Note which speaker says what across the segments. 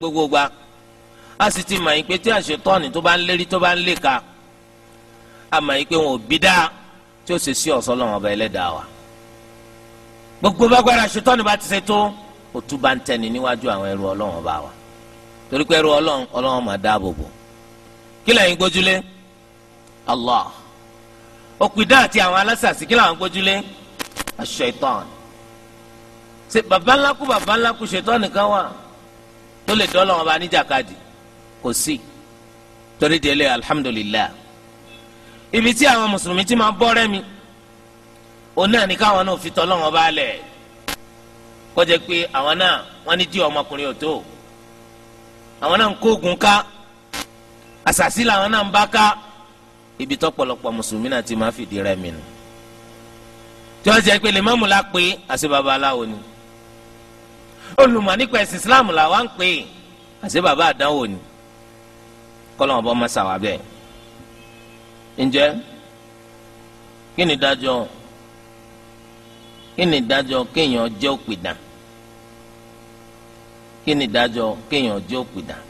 Speaker 1: gbogbo gba a sì ti mọ̀ yín pé tí àṣetọ́ni tó bá ń lérí tó bá ń léka a mọ̀ yín pé wọn ò bí dáa tí ó ṣe sí ọ̀sán lọ́wọ́ ọba ẹlẹ́dàá wa gbogbo bágbára àṣetọ́ni bá ti ṣe tó òtún bá ń tẹni níwájú àwọn ẹrú ọlọ́wọ́n ọba wa torí pé ẹrú ọlọ́wọ́n ọlọ́wọ́n máa dáàbò bò kí lẹ́yìn gbójúlé Allah òpìdá àti àwọn alásàsì kí làwọn gbójúlé àṣetọ́ni ṣe bàbá ńlá kú bàbá ńlá kú ṣetọ́ni kan wà tó lè dọ́lọ́ wọn bá níjàkadì kò sí torí délé alhamdulilayi ibi tí àwọn mùsùlùmí ti máa bọ́rẹ́ mi òun náà ní káwọn náà fi tọ́lọ́ wọn bá lẹ̀ kó jẹ́ pé àwọn náà wọ́n ní jí ọmọkùnrin ò tó àwọn náà ń kó ogun ká àṣàṣì làwọn náà ń bá ká ibi tọ́pọ̀lọpọ̀ mùsùlùmí náà ti máa fìdí rẹmi nù tí wọ́n jẹ́ pé lè má mú la pé àṣẹ babaláwo ni olùmọ̀ nípa ẹ̀sìn islam là wá ń pè é àti bàbá àdánwò ni kọ́lọ́mọ̀ bọ́ mọ́sà wà bẹ́ẹ̀. ǹjẹ́ kí ni dájọ́ kí ni dájọ́ kéèyàn jẹ́ òpìdán kí ni dájọ́ kéèyàn jẹ́ òpìdán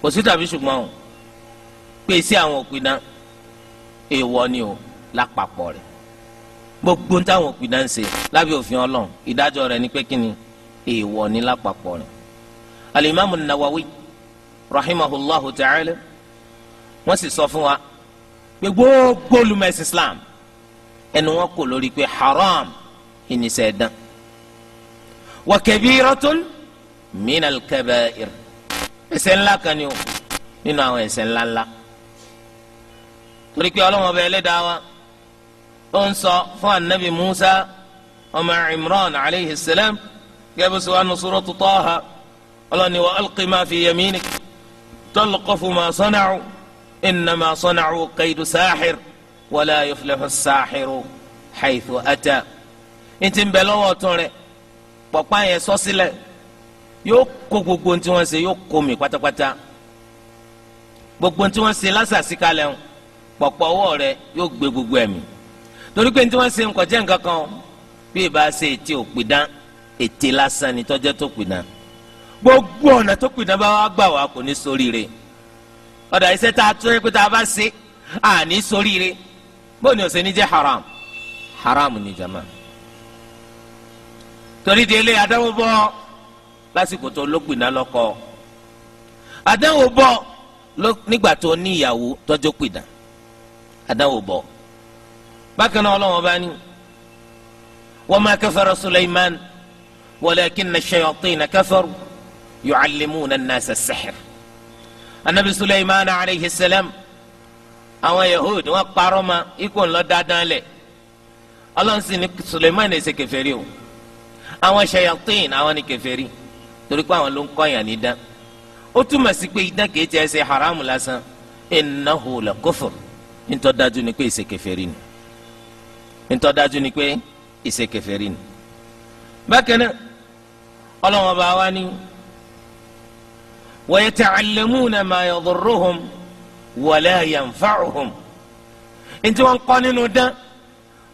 Speaker 1: kò sí tàbí ṣùgbọ́n o pèsè àwọn òpìdán èèwọ̀ ni o lápapọ̀ rẹ̀ gbogbo ń táwọn òpìdá ń ṣe lábẹ́ òfin ọlọ́run ìdájọ́ rẹ̀ ni pé kí ni èèwọ̀ ní lápapọ̀ rẹ̀ alimami nawawi rahimahullahu ta'ala wọ́n sì sọ fún wa pé gbogbo olùmọ̀ẹ́sì islam ẹnu wọn kò lórí pé haram ìníṣẹ́ ẹ̀dán wa kabiratun minal kaba'ir ẹ̀ṣẹ̀ ńlá kan ni o nínú àwọn ẹ̀ṣẹ̀ ńláńlá torí pé ọlọ́run ẹlẹ́dàá wa ó ń sọ fún anabi musa ọmọ imran aleyhi salam gẹ́gẹ́ sọ wọn suratu Taha ọlọ́ni wa alqi ma fi yaminik talqafu ma sọ́nàcù innama sọ́nàcù kaydu saaxir wala yuflihu saaxiru haythu ata. n ti bẹ lọ́wọ́ tún rẹ̀ pọ̀pá yẹn sọ sílẹ̀ yóò kó gbogbo tí wọ́n ṣe yóò kó mi pátápátá gbogbo tí wọ́n ṣe lásàsíkalẹ̀ pọ̀pọ̀ ọwọ́ rẹ̀ yóò gbé gbogbo ẹ̀mí torí pé ní tí wọ́n ṣe ń kọjá nǹkan kan bí ìbá ṣe ètí òpìdán ètè lásán ni tọ́jọ́ tó pìdán gbogbo ọ̀nà tó pìdán bá wá gbà wá kò ní soríire ọ̀dà iṣẹ́ tá a tó yẹ pé tá a bá ṣe àní soríire bóun ni ọ̀sẹ̀ ní jẹ́ haram haram ni jama torí de ilé adáwó bọ́ lásìkò tó lópinna lọ́kọ adáwó bọ́ nígbà tó ní ìyàwó tọ́jọ́ pìdán adáwó bọ́ bákan náà ọlọ́wọ́n bá ní wa ma kafara Sulaiman walakinna ash-shayatina kafaru yu'allimuna an-nasa as-sihr anabi Sulaiman alayhi salam àwọn yahood wọn parọ́ ma ikú ńlọ dáadáa lẹ̀ ọlọ́nsìn ni Sulaiman ní ṣe kèfèrí o àwọn shayatin àwọn ni kèfèrí torí pé àwọn ló ń kọ́yàn ní dán ó túmọ̀ sí pé idán kìí tiẹ̀ ṣe haramu lásán innahu la kufur nítorí dájú ni pé ìṣe kèfèrí ni ntọ́dájú ni pé ìṣe kèfèrí ni bákan náà ọlọ́wọ́n bá wá ní wa yata'allamuna ma yadurruhum wala yanfa'uhum ntí wọ́n kọ́ nínú dán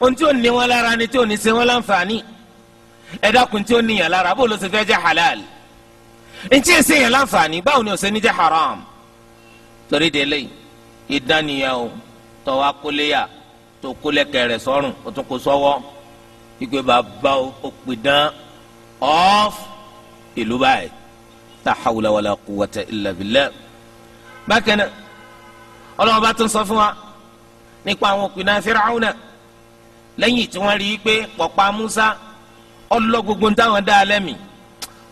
Speaker 1: ohun tí ó ní wọn lára ni tí ò ní ṣe wọn láǹfààní ẹ dákun tí ó níyàn lára bó ló ṣe halal ntí ẹ ṣèyàn láǹfààní báwo ni ó ṣe ní haram torí délé ìdánìyàwó tọ́wọ́ tó kó lẹ́kẹ̀ rẹ̀ sọ́rùn ó tún kó sọ́wọ́ ìgbé bàbá òpìdán ọ́f ìlú báyìí tá hawla wàlá quwwata illa billah. bákan náà ọlọ́run bá tún sọ fún wa nípa àwọn òpìdán Fir'auna lẹ́yìn tí wọ́n rí i pé pọ̀pá Musa ọlọ́ gbogbo táwọn dá a lẹ́mìí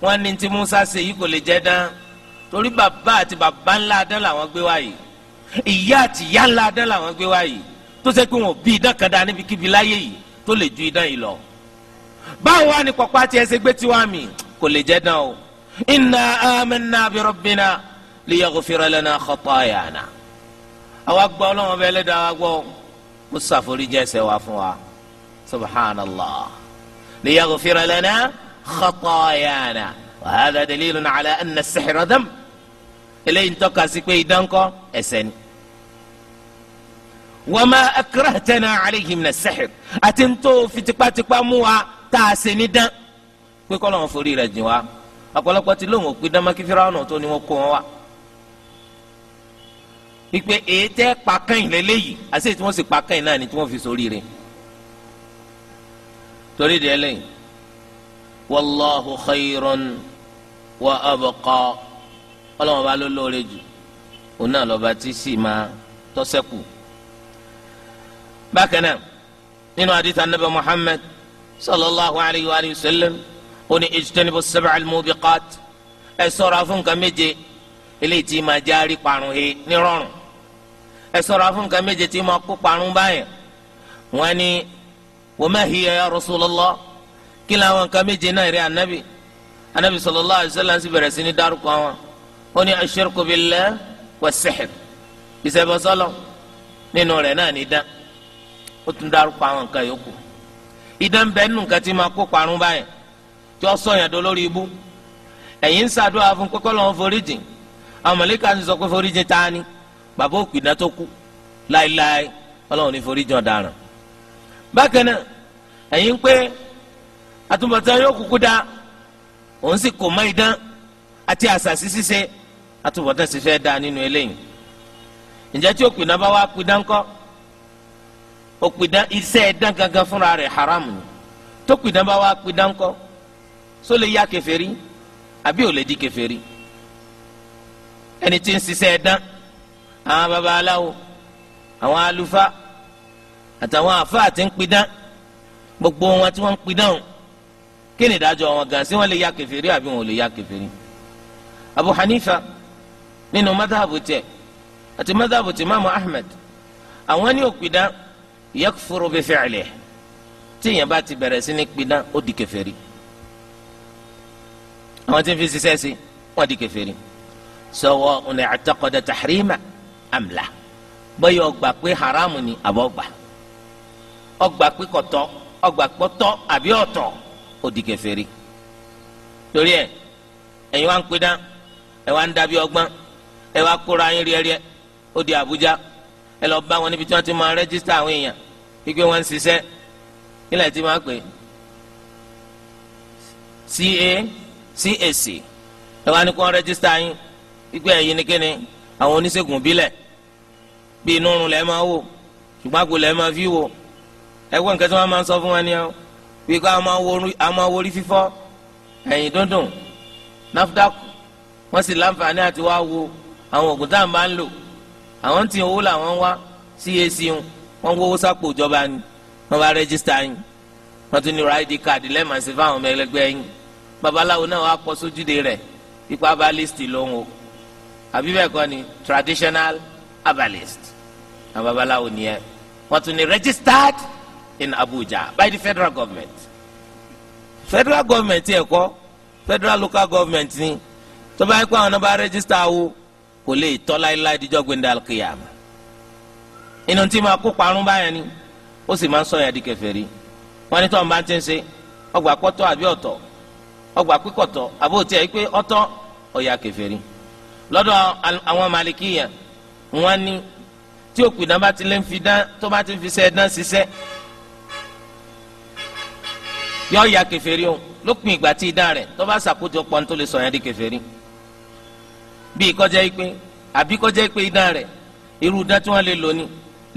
Speaker 1: wọ́n ní tí Musa ṣe yìí kò lè jẹ́ dán torí bàbá àti bàbá ńlá dán làwọn gbé wáyìí ìyá àti ìyá ńlá dán làwọn gbé wáyìí tó ṣe pé wọn bí idán kan dá níbikíbi láyé yìí tó lè ju idán yìí lọ báwo wá ní pọpá tiẹ̀ ṣe gbé tiwa mi kò lè jẹ́ dán o inna amanna bi rabbina liyaghfira lana khatayana àwa gbọ́ ọlọ́wọ́n bẹ́ẹ̀ lẹ́dàá wa gbọ́ kó ṣàforíjì ẹ̀ṣẹ̀ wa fún wa subhanallah liyaghfira lana khatayana wa hadha dalilun ala anna as-sihra dhanb eléyìí ń tọ́ka sí pé idán kọ́ ẹ̀ṣẹ̀ ni wàmà akrahitana alayhim na sahir àti ntò fi tipátipá mú wa tá a ṣe ní dán pé kọ́lọ́ wọn forí rẹ̀ jìn wá ọ̀pọ̀lọpọ̀ ti lóun ò pé dámákí Fíráúnà tó ni wọ́n kó wọn wá. ìpè èyí tẹ́ pàkànyìn lélẹ́yìí àti èyí tí wọ́n sì pàkànyìn náà ni tí wọ́n fi sórí rẹ̀ torí de ẹlẹ́yìn wàlláhu khayron wa abqa ọlọ́wọ́n bá ló lóore jù òun náà lọ́ba tí sì máa tọ́sẹ́kù bákan náà nínú àdìsá nàbẹ muhammed sallallahu alayhi wa sallam ó ní ijtanibu sab'al mubiqat ẹ ṣọ́ra fún nǹkan méje eléyìí tí máa járí parun he nírọ̀rùn ẹ ṣọ́ra fún nǹkan méje tí máa kó parun báyẹn wọ́n ní wa ma hiya ya rasulallah kí làwọn nǹkan méje náà rí anabi anabi sallallahu alayhi wa sallam sì bẹ̀rẹ̀ sí ní dárúkọ wọn ó ní ashirku billah wa sihir ìṣẹ̀bọ̀sọ́lọ̀ nínú rẹ̀ náà ní dán ó tún dárúkọ àwọn nǹkan yòókù idán ń bẹ nínú nǹkan tí máa kó parun báyẹn tí ó sọ yẹn dó lórí ibú ẹ̀yin ń ṣàdúrà fún pé kọ́lọ́n foríjìn àwọn mọ̀lẹ́kà ń sọ pé foríjìn ta ni bàbá òkú idán tó kú láéláé ọlọ́run ní foríjìn ọ̀daràn bákan náà ẹ̀yin pé àtúbọ̀tán yóò kúkú dá òun sì kò mọ idán àti àṣàṣì ṣíṣe àtúbọ̀tán sì fẹ́ dá nínú eléyìí ǹjẹ́ tí òkú iná bá wá pidán kọ́ ó pidán iṣẹ́ ẹ̀dán gangan fúnra rẹ̀ haramu ni tó pidán bá wá pidán kọ́ só lè ya kèfèrí àbí o lè di kèfèrí ẹni tí ń ṣiṣẹ́ ẹ̀dán àwọn babaláwo àwọn alufa àtàwọn afa àti ń pidán gbogbo wọn tí wọ́n ń pidán o kí ni ìdájọ́ wọn gan sí wọ́n lè ya kèfèrí àbí wọn ò lè ya kèfèrí Abu Hanifa nínú madhabu tiẹ̀ àti madhabu ti mamu Ahmed àwọn ní òpidán. yakfuru bi fi'lihi tíyẹn bá ti bẹ̀rẹ̀ sí ní pidán ó di kèfèrí àwọn tí ń fi ṣiṣẹ́ sí wọ́n di kèfèrí sawa'un i'taqada tahrima am la bóyá ó gbà pé haramu ni àbọ̀ ó gbà pé kò tọ́ ó àbí ó ó di kèfèrí torí ẹ ẹ̀yin wá ń pidán ẹ wá ń dàbí ọgbọ́n ẹ wá kóra yín rí ẹ ó di Àbújá ẹ lọ bá wọn níbi tí wọ́n ti máa rẹ́jísítà àwọn èèyàn pípé wọn ń ṣiṣẹ́ nílẹ̀ tí wọ́n á pè ca cac ẹ wá ní kó rẹ́gísítà yín pípé ẹ̀yin ní kíni àwọn oníṣègùn bílẹ̀ bí inú oorun lẹ́ẹ̀ máa wò ṣùgbọ́n àgbo lẹ́ẹ̀ máa fi wò ẹgbẹ́ nǹkan tí wọ́n máa ń sọ fún wọn ni ọ́ bí kò àwọn máa worí fífọ́ ẹ̀yìn dúndùn nafdac wọ́n sì láǹfààní àti wá wo àwọn oògùn tá à ń bá ń lò àwọn tí owó làwọn wá cac ń wọ́n ń wọ́wọ́ sápò ìjọba ni wọ́n bá rẹ́gísítà yín wọ́n tún ní ra id card fáwọn ẹlẹgbẹ́ yín babaláwo náà wàá pọ̀ sójúde rẹ̀ ipa abalist lòun o àbí bẹ́ẹ̀ kọ́ ni traditional abalist àwọn babaláwo nìyẹn wọ́n tún ní registered in Abuja by the federal government federal government yẹ kọ́ federal local government ni tó bá yẹ kó àwọn náà bá rẹ́gísítà wo kò lè tọ́ láéláé díjọ́ gbẹ̀ndé alkiyama inú tí máa kó parun báyẹn ni ó sì máa ń sọ yẹn di kèfèrí wọn ní tọ́wọ́n bá ti ń ṣe ọgbà kọ́tọ́ àbí ọ̀tọ̀ ọgbà pípọ̀tọ̀ àbí òtí ẹ̀ pé ọ̀tọ̀ ọ̀yà kèfèrí lọ́dọ̀ àwọn malikiya wọn ní tí òpìdán bá ti lè fi dán tó bá ti fi ṣe dán ṣiṣẹ́ yọ ọ̀yà kèfèrí o lópin ìgbà tí idán rẹ̀ tó bá ṣàkójọ pọ̀ tó lè sọ yẹn di kèfèrí bí kọjá yìí pé àbí kọjá yìí pé idán rẹ̀ irú dán tí wọ́n lè lò ní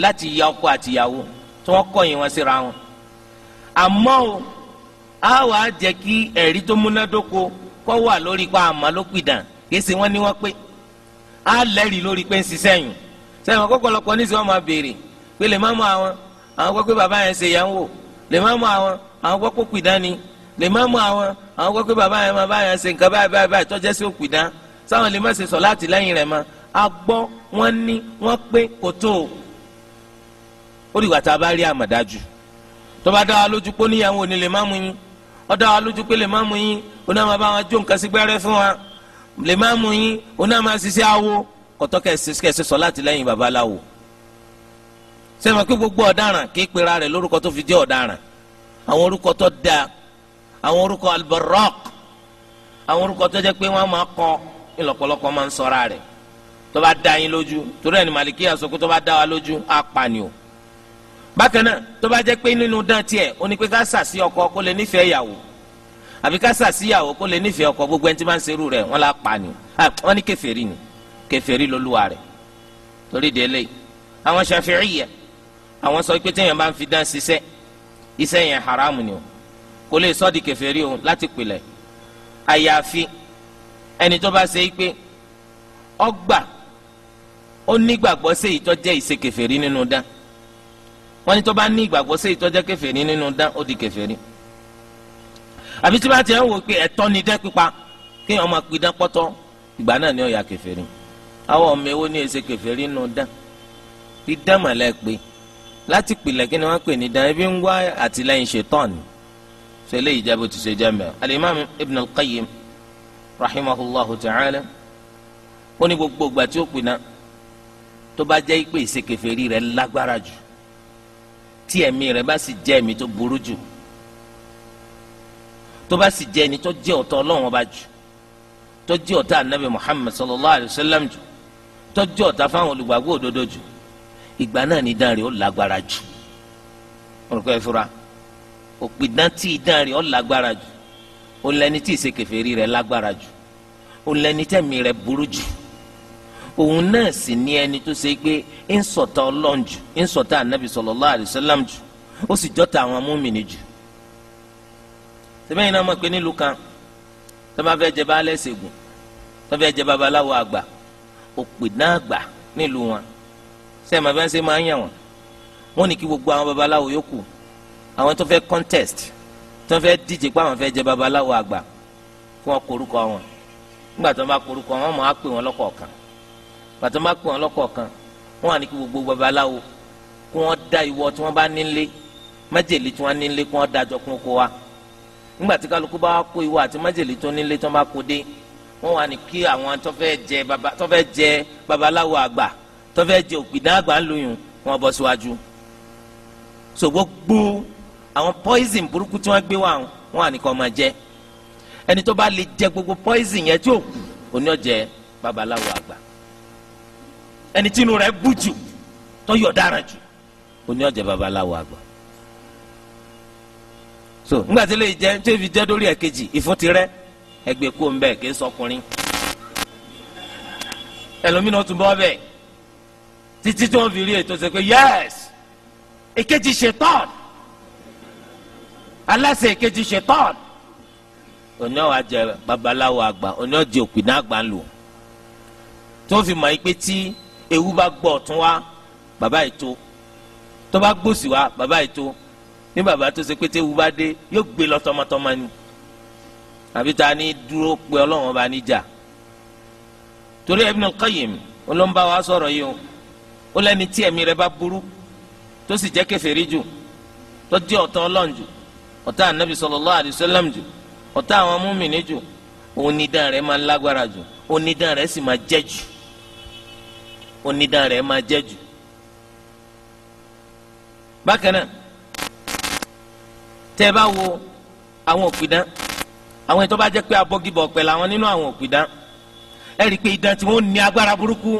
Speaker 1: láti ya ọkọ àtìyàwó tí wọ́n kọ̀yìn wọn síra wọn àmọ́ o a wàá jẹ́ kí ẹ̀rí tó múnádóko kó wà lórí pa àmọ́ ló pìdàn kèsì wọn ni wọ́n pé a lẹ́rìí lórí pé ń ṣiṣẹ́ yùn sẹ́yìn wọn kọ́kọ́lọ́kọ́ ní sẹ́wọ́n máa béèrè pé lè má mú àwọn àwọn gbọ́ pé bàbá yẹn ṣe yẹn ń wò lè má mú àwọn àwọn gbọ́ pé pìdán ni lè má mú àwọn àwọn gbọ́ pé bàbá yẹn máa bá yẹn ṣe nǹkan báyìí báyìí báyìí tọ́jẹ́ sí òpìdán sáwọn lè má ṣe sọ láti lẹ́yìn rẹ̀ mọ́ a gbọ́ ní wọ́n pé kò tó o ó dìgbà tá a bá rí àmọ̀dájú tó bá lójú pé oníyàwó ni lè má mú yín ó dá wa lójú pé lè má mú yín oní àmọ́ bá wọn jó nǹkan sí gbẹ́rẹ́ fún wa lè má mú yín oní àmọ́ ṣiṣẹ́ awo kọ̀tọ́ kẹsẹ̀ sọ láti lẹ́yìn babaláwo sẹ́wọ̀n pé gbogbo ọ̀daràn kì í pera rẹ̀ lórúkọ tó fi jẹ́ ọ̀daràn àwọn orúkọ tó da àwọn orúkọ albarok àwọn orúkọ tó jẹ́ pé wọ́n máa kọ́ ńlọ́pọ̀lọpọ̀ máa ń sọ́ra rẹ̀ tó bá yín lójú torí ẹni màlìkí àsọkú tó bá da wa lójú á pa ni o bákan náà tó bá jẹ́ pé nínú dán tiẹ̀ ó ní pé ká sà sí ọkọ kó lè nífẹ̀ẹ́ ìyàwó àbí ká sà sí ìyàwó kó lè nífẹ̀ẹ́ ọkọ gbogbo ẹni tí máa ń serú rẹ̀ wọ́n la pa ni wọ́n ní kèfèrí ni kèfèrí lolúwa rẹ̀ torí délé àwọn Ṣafi'iyya àwọn sọ pé téèyàn bá ń fi dán ṣiṣẹ́ iṣẹ́ yẹn haramu ni o kò lè sọ di kèfèrí o láti pilẹ̀ àyàfi ẹni tó bá ṣe pé ọgbà ó nígbàgbọ́ sí ìtọ́jẹ́ ìṣe kèfèrí nínú dán wọ́n ní tó bá ní ìgbàgbọ́ sí ìtọ́jẹ́ kèfèrí nínú dán ó di kèfèrí àbí tí bá tiẹ̀ ń wò pé ẹ̀tọ́ ni dẹ́ pípa kéèyàn máa pidán pọ́tọ́ ìgbà náà ni ó ya àwọn ọmọ ewo ní èsè kèfèrí nínú dán dídán mọ̀lẹ́ pé láti pìlẹ̀ kí ni wọ́n pè ní dán ebi ń wá àtìlẹ́yìn ṣetán ṣe eléyìí ti ṣe jẹ́ mẹ́rin al-Imam Ibn al-Qayyim rahimahullahu ta'ala ó ní gbogbo ìgbà tí ó pinna tó bá jẹ́ ìpè ìṣe rẹ̀ lágbára jù tí ẹ̀mí rẹ̀ bá sì jẹ́ ẹ̀mí tó burú jù tó bá sì jẹ́ ẹni tó jẹ́ ọ̀tá Ọlọ́run ọba jù tó jẹ́ ọ̀tá anabi Muhammad sallallahu alayhi wa sallam jù tó jẹ́ ọ̀tá fáwọn olùgbàgbọ́ òdodo jù ìgbà náà ni idán rẹ̀ ó lágbára jù orúkọ ìfura òpìdán tí idán rẹ̀ ó lágbára jù ó lẹni tí ìṣe kèfèrí rẹ̀ lágbára jù ó lẹni tẹ̀mí rẹ̀ burú jù òun náà sì ní ẹni tó ṣe pé ń sọ̀tà ọlọ́run jù ń sọ̀tà ànábì sallallahu alaihi wasallam jù ó sì jọ́ta àwọn múmìnì jù. sẹ́fẹ̀yìn náà mọ̀ pé nílùú kan tó bá fẹ́ jẹ baálé ṣègùn tó fẹ́ jẹ babaláwo àgbà òpìdán àgbà nílùú wọn sẹ́yìn fẹ́ ṣe máa ń yàn wọ́n wọ́n ní kí gbogbo àwọn babaláwo yòókù àwọn tó fẹ́ contest tó fẹ́ díje pé àwọn fẹ́ jẹ babaláwo àgbà kí wọ́n korúkọ wọn nígbà tó bá korúkọ wọn mọ̀ á pè wọn lọ́kọ̀ọ̀kan pàtó má pè wọn lọ́kọ̀ọ̀kan wọn à ní kí gbogbo babaláwo kí wọ́n da ìwọ tí wọ́n bá nílé májèlé tí wọ́n nílé kí wọ́n dájọ́ kún kó wa nígbà tí kálukú bá kó ìwọ àti májèlé tó nílé tí wọ́n bá kó dé wọ́n wà ní kí àwọn tó fẹ́ jẹ babaláwo àgbà tó fẹ́ jẹ òpìdán àgbà ńlóyún wọ́n bọ́ síwájú so gbogbo àwọn poison burúkú tí wọ́n gbé wá wọn à ní kó máa jẹ ẹni tó bá lè jẹ gbogbo poison yẹn tí ò kù òní babaláwo àgbà ẹni tí inú rẹ̀ bú jù tó yọ̀ dára jù oní ọ̀jẹ̀ babaláwo àgbà so ńgbà tí lè jẹ tí èfi jẹ lórí ẹ̀kejì ìfún ti rẹ ẹgbẹ́ kó ń bẹ̀ kí n sọkùnrin ẹlòmínà tún bọ́ bẹ̀ títí tó ń fi rí ètò ṣe pé yẹ́s èkejì ṣe tọ́ọ̀d aláṣẹ èkejì ṣe tọ́ọ̀d oní ọ̀jẹ̀ babaláwo àgbà oní ọ̀jẹ̀ òpinna àgbà lò tó fi mọ̀ ẹ́ pé tí ewu bá gbọ́ ọ̀tún wá bàbá ètò tó bá gbòsì wá bàbá ètò ní bàbá tó ṣe pé tí ewu bá dé yóò gbé lọ tọmọtọmọ ni àbí ta ni dúró pé ọlọ́run bá níjà torí Ibn al-Qayyim olóńbá wa sọ̀rọ̀ yìí o ó lẹ́ni tí ẹ̀mí rẹ̀ bá burú tó sì jẹ́ kèfèrí jù tó di ọ̀tá ọlọ́run jù ọ̀tá ànábì sallallahu alaihi wasallam jù ọ̀tá àwọn múmìnì jù onídàn rẹ̀ máa ń lágbára jù onídàn rẹ̀ sì máa jẹ́ jù onídàá rẹ̀ máa jẹ́ jù. bákan náà tẹ́ bá wo àwọn òpìdán àwọn ìtọ́ bá jẹ́ pé abọ́gibọ̀ ọ̀pẹ̀ làwọn nínú àwọn òpìdán ẹ rí i pé idán tí wọ́n ní agbára burúkú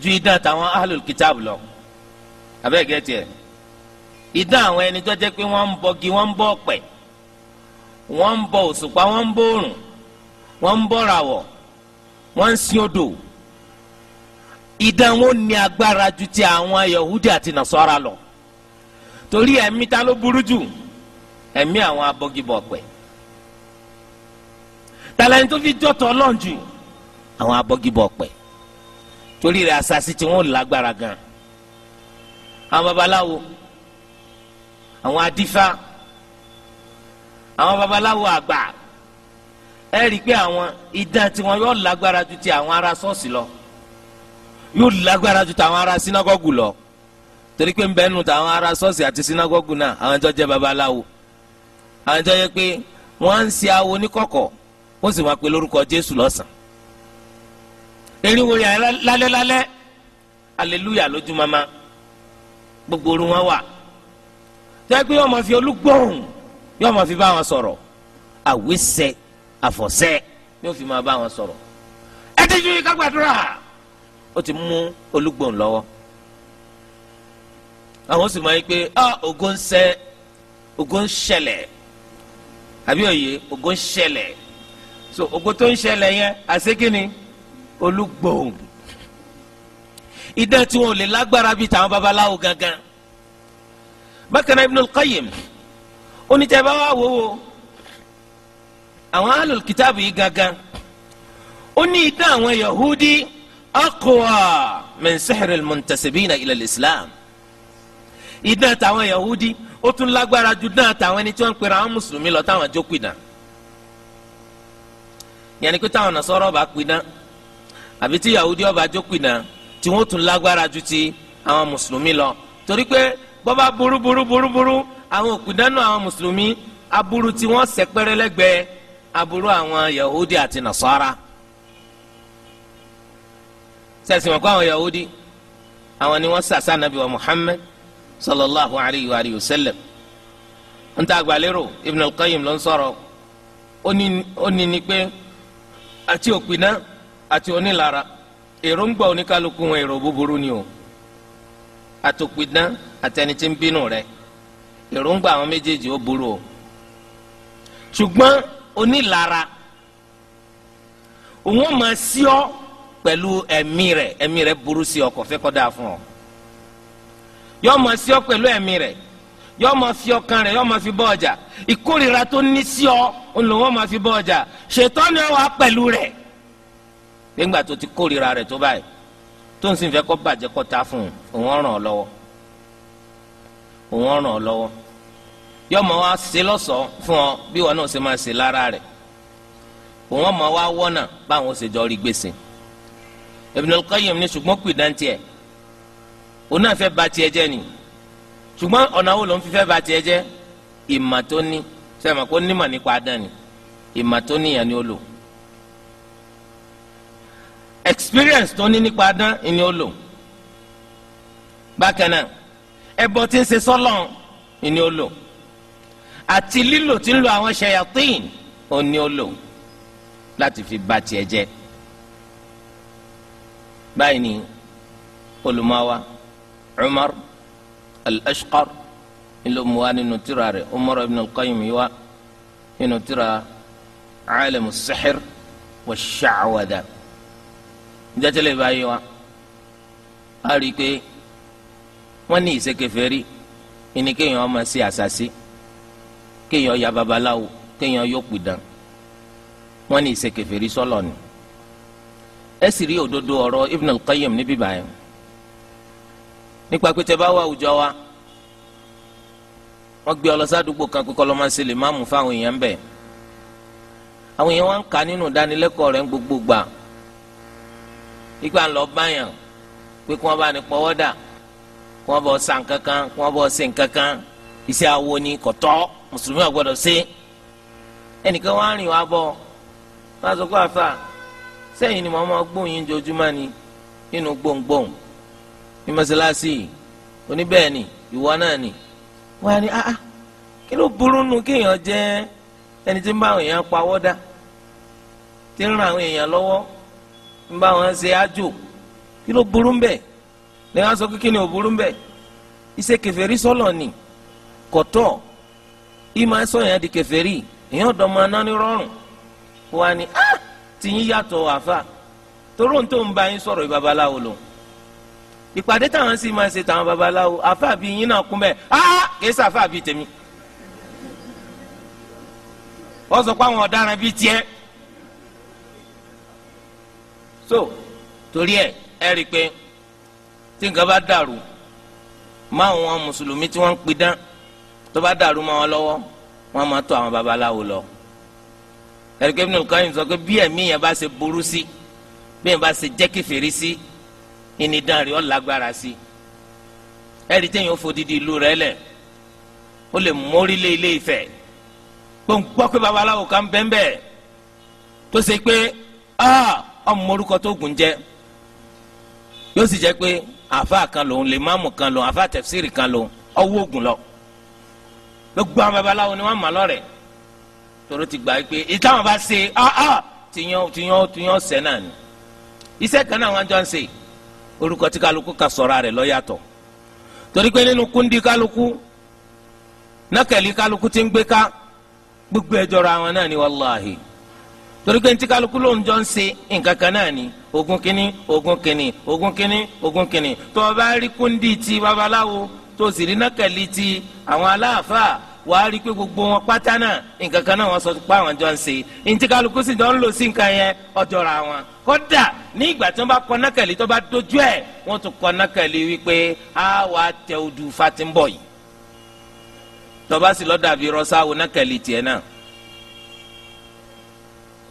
Speaker 1: ju idán tàwọn ahlul kitab lọ abẹ́ẹ̀gẹ́ tiẹ̀ idán àwọn ẹni tó jẹ́ pé wọ́n ń bọgi wọ́n ń bọ ọ̀pẹ̀ wọ́n ń bọ òṣùpá wọ́n ń bọ òrùn wọ́n ń bọ ràwọ̀ wọ́n ń sin odò idán wọn ní agbára ju ti àwọn Yahudi àti Nasara lọ torí ẹ̀mí ta ló burú jù ẹ̀mí àwọn abọgibọ pẹ tàlẹ́yìn tó fi jọ́tọ̀ ọlọ́run jù àwọn abọgibọ pẹ torí rẹ̀ àṣàṣì tí wọ́n lágbára gan àwọn babaláwo àwọn adífá àwọn babaláwo àgbà ẹ rí i pé àwọn idán tí yóò lágbára ju ti àwọn ará ṣọ́ọ̀ṣì lọ yóò lágbára ju tàwọn ará sinagogu lọ torí pé nbẹ́nu tàwọn ará ṣọ́ọ̀ṣì àti sinagogu náà àwọn jọ jẹ́ babaláwo àwọn jọ yẹ pé wọ́n á ń ṣe awo níkọ̀kọ̀ wọ́n sì máa pe lórúkọ Jésù lọ́sàn-án eriwo yà lálẹ́ lálẹ́ aleluya lójú mama gbogbo orun wọn wà jẹ́ pé yọ́n máa fi olúgbòhùn yọ́n máa fi bá wọn sọ̀rọ̀ àwísẹ́ àfọ̀sẹ́ yóò fi máa bá wọn sọ̀rọ̀ ẹ ti ju ìkágbàdúrà ó ti mú olúgbòhùn lọ́wọ́ àwọn sì máa ń pè á ògo ń ṣẹ ògo ń ṣẹlẹ̀ àbí òye ògo ń so ògo tó ń ṣẹlẹ̀ yẹn àṣekínni olúgbòhùn idán tí wọn ò lè lágbára bíi tàwọn babaláwo gangan bákan náà Ibnul Qayyim onítẹ̀ bá wà wọ́wọ́ àwọn alùkìtàbù yìí gangan ó ní idán àwọn Yahudi aqwa min sihri almuntasibina ila alislam idán tàwọn yahudi ó tún lágbára ju dán tàwọn ẹni tí wọ́n ń pera àwọn mùsùlùmí lọ táwọn jó pidán yẹnni pé táwọn nasọrọ bá pidán àbí tí yahudi ọba jó pidán tí wọ́n tún lágbára ju ti àwọn mùsùlùmí lọ torí pé bọ́ba burú burú burú burú àwọn òpìdánù àwọn mùsùlùmí aburú tí wọ́n sẹ́pẹ́rẹ́ lẹ́gbẹ̀ẹ́ aburú àwọn yahudi àti nasara. sẹ́sìn wọn kọ́ àwọn yahudi àwọn ni wọ́n sàṣà nabi wa muhammed sallallahu alayhi wa wa sallam n ta gbalero ibn al-qayyim ló ń sọ̀rọ̀ ó ní ní pé àti òpinna àti onílara èròǹgbà oníkálukú wọn èrò búburú ni o àtòpinna àtẹni tí ń bínú rẹ èròǹgbà àwọn méjèèjì ó burú o ṣùgbọ́n onílara òun ó máa sí ọ. pẹ̀lú ẹ̀mí rẹ̀ ẹ̀mí rẹ̀ burú sí ọ kò fẹ́ kó dáa fún ọ yọ ọmọ sí ọ pẹ̀lú ẹ̀mí rẹ̀ yọ ọmọ fi ọkàn rẹ̀ yọ ọmọ fi bọ́ ọjà ìkórira tó ní sí ọ olùwọ́n ọmọ fi bọ́ ọjà ṣètọ́ ni ọ wà pẹ̀lú rẹ̀ nígbà tó ti kórira rẹ̀ tó báyìí tó ń sìn fẹ́ kó bàjẹ́ kó ta fún un òun ràn ọ lọ́wọ́ òun ràn ọ lọ́wọ́ yọ ọmọ wa ṣe lọ́sọ̀ọ́ fún ọ bí wọn náà ṣe máa ṣe lára rẹ̀ òun ọmọ wa wọ́nà báwọn ṣe jọ rí gbèsè Ibn al-Qayyim ní ṣùgbọ́n kù ìdántìẹ òun náà fẹ́ ba tiẹ̀ jẹ́ ni ṣùgbọ́n ọ̀nà wo ló ń fífẹ́ ba tiẹ̀ jẹ́ ìmà tó ní sẹ́mi kó nímọ̀ nípa adán ni ìmà tó níyàn ni ó lò experience tó ní nípa adán ni ó lò bákan náà ẹbọ tí ń ṣe sọ́lọ̀ ni ó lò àti lílò tí ń lo àwọn ṣayatin ni ó lò láti fi ba tiẹ̀ jẹ́ báyìí ni olùmọ̀wá Umar al-Ashqar ńlọ mu wá nínú tírà rẹ̀ Umar ibn al-Qayyim wá nínú tírà Alamu as-Sihr wa ash-Sha'wada jẹ́tẹ̀lẹ̀ báyìí wá a rí i pé wọ́n ní ìsekèfèrí ẹni kéèyàn ọmọ sí àṣàṣì kéèyàn ya babaláwo kéèyàn yóò pìdán wọ́n ní ìsekèfèrí sọ́lọ̀ ni ẹ sì rí òdodo ọ̀rọ̀ Ibn al-Qayyim níbí báyìí nípa pé tẹ bá wà àwùjọ wa wọ́n gbé ọlọ́sàdúgbò kan pé kọ́lọ́ máa ń ṣẹlẹ̀ máàmù fáwọn èèyàn bẹ́ẹ̀ àwọn èèyàn wa ń kà nínú ìdánilẹ́kọ̀ọ́ rẹ̀ ń gbogbo gbà ìgbà ńlọ báyàn pé kí wọ́n bá ní pọ́wọ́ dà kí wọ́n bọ̀ san kankan kí wọ́n bọ̀ ṣe nǹkankan iṣẹ́ awo ni kọ̀tọ́ mùsùlùmí ò gbọ́dọ̀ ṣe ẹnìkan wá rìn wá bọ̀ wọ́n á sọ pé àfà sẹ́yìn ni màmá gbóyin jojúmọ́ ni nínú gbòǹgbòǹ ní mọ́sálásí oníbẹ̀ẹ́ni ìwọ náà ni wọ́n á ní ah ah kí ló burú nu kéèyàn jẹ́ ẹni tí ń bá àwọn èèyàn pawọ́ dá tí ń ran àwọn èèyàn lọ́wọ́ ń bá wọn ṣe ájò kí ló burú ń bẹ̀ ní wọ́n á sọ pé kí ni ò burú ń bẹ̀ iṣẹ́ kèfèrí sọ́lọ̀ ni kọ̀tọ̀ ìmọ̀ ẹ̀sọ́ yẹn di kèfèrí èèyàn ọ̀dọ́ máa ná ní rọrùn wọ́n á ní ah tìyín yàtọ̀ àfa toró tó ń bá yín sọ̀rọ̀ babaláwo lò ìpàdé táwọn sì máa ṣe táwọn babaláwo àfa bíi yín náà kún bẹ́ẹ̀ á kìí ṣe àfa bíi tèmi wọ́n sọ pé àwọn ọ̀daràn bíi tiẹ̀ so torí ẹ ẹ rí i pé tí nǹkan bá dàrú máa wọn mùsùlùmí tí wọ́n ń pidán tó bá dàrú máa wọn lọ́wọ́ wọ́n máa tó àwọn babaláwo lọ ẹ̀ríkẹ́ Ibn al-Qayyim sọ pé bí ẹ̀mí yẹn bá ṣe burú sí bí yẹn bá ṣe jẹ́ kèfèrí sí ìnidàn rẹ̀ ó lágbára sí ẹ̀rí tẹ̀yìn ó fodidi ìlú rẹ̀ lẹ̀ ó lè mórí lé ilé Ifẹ̀ gbọ́ pé babaláwo kan bẹ́ńbẹ́ tó ṣe pé ah, ọmọ orúkọ tó gùn jẹ́ yóò sì jẹ́ pé àfa kan lòun lè máàmù kan lòun àfa tẹ̀fsíìrì kan lòun ọwọ́ ògùn lọ gbogbo babaláwo ni wọ́n mọ̀ lọ́rẹ̀ẹ́ toro ti gbà pé ìtàwọn bá ṣe áá ah, ah, tìyàn tìyàn tìyàn sẹ́ náà ni iṣẹ́ kan náà wọ́n jọ ń ṣe orúkọ tí kálukú ka sọ̀rọ̀ rẹ̀ lọ́yàtọ̀ torí pé nínú kúndí kálukú nákẹ́lì kálukú ti ń gbé ká gbogbo ẹjọ́ ra wọn náà ni wàláhì torí pé ní tí kálukú ló ń jọ ń ṣe nǹkan kan náà ni ogun kínní ogun kínní ogun kínní ogun kínní tó o bá rí kúndí ti babaláwo tó sì rí nákẹ́lì ti àwọn aláàfáà wàá rí i pé gbogbo wọn pátá náà nǹkan kan náà wọ́n sọ pé àwọn jọ ń ṣe ntí kálukú sì jọ ń lò sí nǹkan yẹn ọjọ́ra wọn. kódà ní ìgbà tí wọ́n bá kọ nákàlí tó bá dojú ẹ̀ wọ́n tún kọ nákàlí wípé a wà á tẹ odù fatimbo yìí. tọ́ba sì lọ́ọ́ dàbí rọ́sáwó nákàlí tiẹ̀ náà.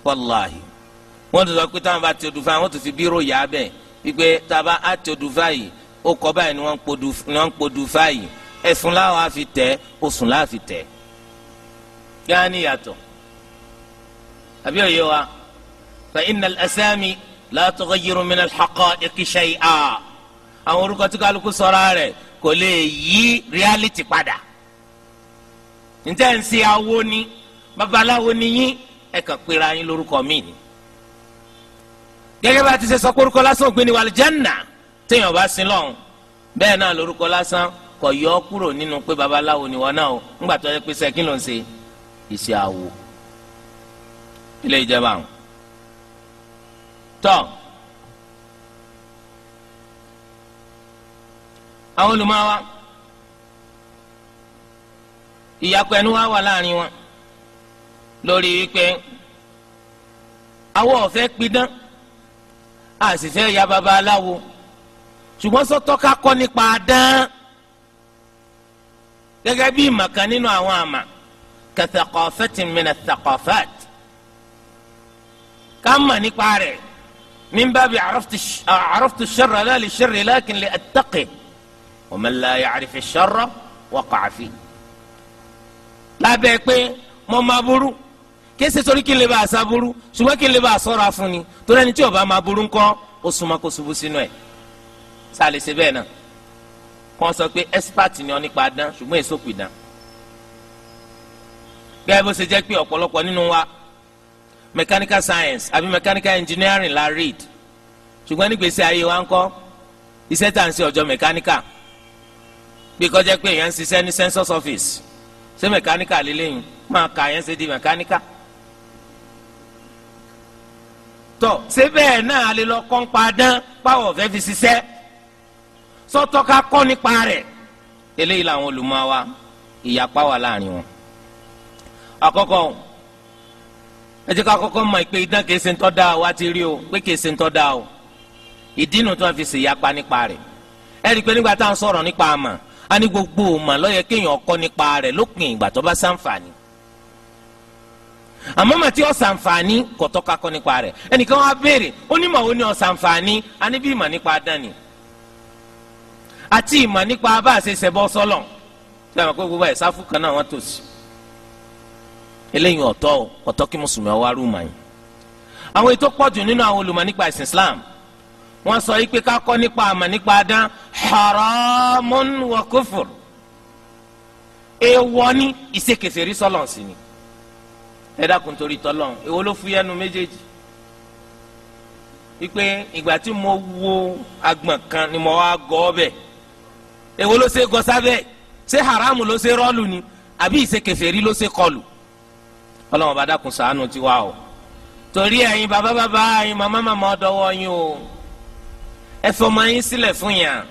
Speaker 1: wàláhì wọ́n tún sọ pé táwọn bá tẹ odù fáyìí wọ́n tún fi bírò yà á bẹ̀ wípé táwọn bá tẹ odù fáyìí ó kọ báyìí ni wọ́n ń podù ẹ̀sùn láwọn á fi tẹ̀ oṣùn láà fi tẹ̀ yáà ní yàtọ̀ àbí òye wa fa innal asami la tughayyiru min al-haqa'iqi shay'a àwọn orúkọ tí kálukú sọra rẹ̀ kò lè yí reality padà njẹ́ ń ṣe awo ni babaláwo ni yín ẹ kàn pera yín lórúkọ mi ni gẹ́gẹ́ bá ti ṣe sọ pé orúkọ lásán ògbéni wà téèyàn bá sin lọ́hùn bẹ́ẹ̀ náà lórúkọ lásán kò yọ ọ kúrò nínú pé babaláwo ni wọn náà o ńgbà tó yẹ pé sẹ́kín ló ń ṣe iṣẹ́ awo ilé ìjẹba àwọn tọ́ àwọn olùmọ̀wá ìyàpọ̀ wa wà láàrin wọn lórí wípé àwọn ò pidán a ya babaláwo ṣùgbọ́n sọ́tọ́ ká kọ́ nípa dán gẹ́gẹ́ bí ìmọ̀ kan nínú àwọn àmà kathaqafatin min athaqafat ká mọ̀ nípa rẹ̀ min babi araftu sharra la li sharri lakin li attaqi wa man la ya'rifi sharra waqa'a fi. lábẹ́ pé mo máa burú kése torí kí n lè bá àṣà burú ṣùgbọ́n kí n lè bá àṣọra fún torí ẹni tí ó bá máa burú ńkọ́ ó súnmọ́ kó ṣubú sínú ẹ̀ sáà ṣe bẹ́ẹ̀ náà kàn sọ pé expert ni ọ nípa dán ṣùgbọ́n èso pè dán gẹ́gẹ́ bó ṣe jẹ́ pé ọ̀pọ̀lọpọ̀ nínú wa mechanical science àbí mechanical engineering la read ṣùgbọ́n nígbèsè ayé wa ń kọ́ iṣẹ́ tá à ń ṣe ọjọ́ mechanical bí kò jẹ́ pé èèyàn ń ṣiṣẹ́ ní sensors office ṣé mechanical lélẹ́yìn máa kà yẹn ṣe di mechanical tọ́ ṣé bẹ́ẹ̀ náà a lè lọ kọ́ ń pa dán pàwọ̀ fẹ́ fi ṣiṣẹ́ sọ́tọ́ ká kọ́ nípa rẹ̀ eléyìí làwọn olùmọ̀ wa ìyapa wà láàrin wọn. àkọ́kọ́ ẹ jẹ́ ká kọ́kọ́ mọ̀ pé idán kìí ṣe ń tọ́ da wa ti rí o pé kìí ṣe ń tọ́ da o ìdínú tó fi ṣe ìyapa nípa rẹ̀ ẹ rí i pé nígbà tá à ń sọ̀rọ̀ nípa àmà á ní gbogbo òmà lọ́yẹ kéèyàn kọ́ nípa rẹ̀ lópin ìgbà tó bá ṣàǹfààní àmọ́ mà tí ó ṣàǹfààní kò tọ́ka kọ́ nípa rẹ̀ ẹnìkan wá béèrè ni ó ní bí àti ìmọ̀ nípa bá a ṣe ṣẹbọ sọ́lọ̀ tí a máa kó gbogbo ẹ̀ sáfù kan náà wọ́n tò sí. eléyìí ọ̀tọ̀ ọ̀tọ̀ kí mùsùlùmí ọwọ́ arúmọ̀ yìí. àwọn ètò pọ̀jù nínú àwọn olùmọ̀ nípa ìsìn Islam wọ́n sọ yìí pé ká kọ́ nípa àmọ̀ nípa adán haramun wa kufur. èèwọ̀ ni ìṣekèsèrí sọ́lọ̀ sí ni. ẹ dákun torí tọ́lọ̀ èwo ló fúyẹ́nu méjèèjì wípé ìgbà tí mo wo agbọ̀n kan ni mo wá gọ́ ọ bẹ́ẹ̀ èwo ló ṣe gọ sábẹ́ ṣé haramu ló ṣe rọ́ọ̀lù ni àbí ìṣe kèfèrí ló ṣe kọlù ọlọ́run bá dákun ṣàánú tiwa o torí ẹ̀yin bàbá bàbá ẹ̀yin màmá màmá ọ̀dọ́wọ́ yín o ẹ fọmọ yín sílẹ̀ fún yàn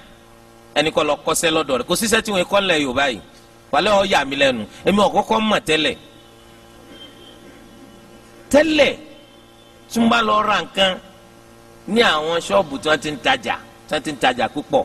Speaker 1: ẹni kọ́ lọ kọ́ṣẹ́ lọ́dọ̀ rẹ̀ kò síṣẹ́ tí wọ́n kọ́ lẹ̀ yorùbá yìí wàlẹ́ ọ yà mí lẹ́nu èmi ọ̀kọ́kọ́ mọ̀ tẹ́lẹ̀ tẹ́lẹ̀ tí bá lọ ra nǹkan ní àwọn ṣọ́ọ̀bù tí wọ́n ti ń tajà tí wọ́n ti ń tajà púpọ̀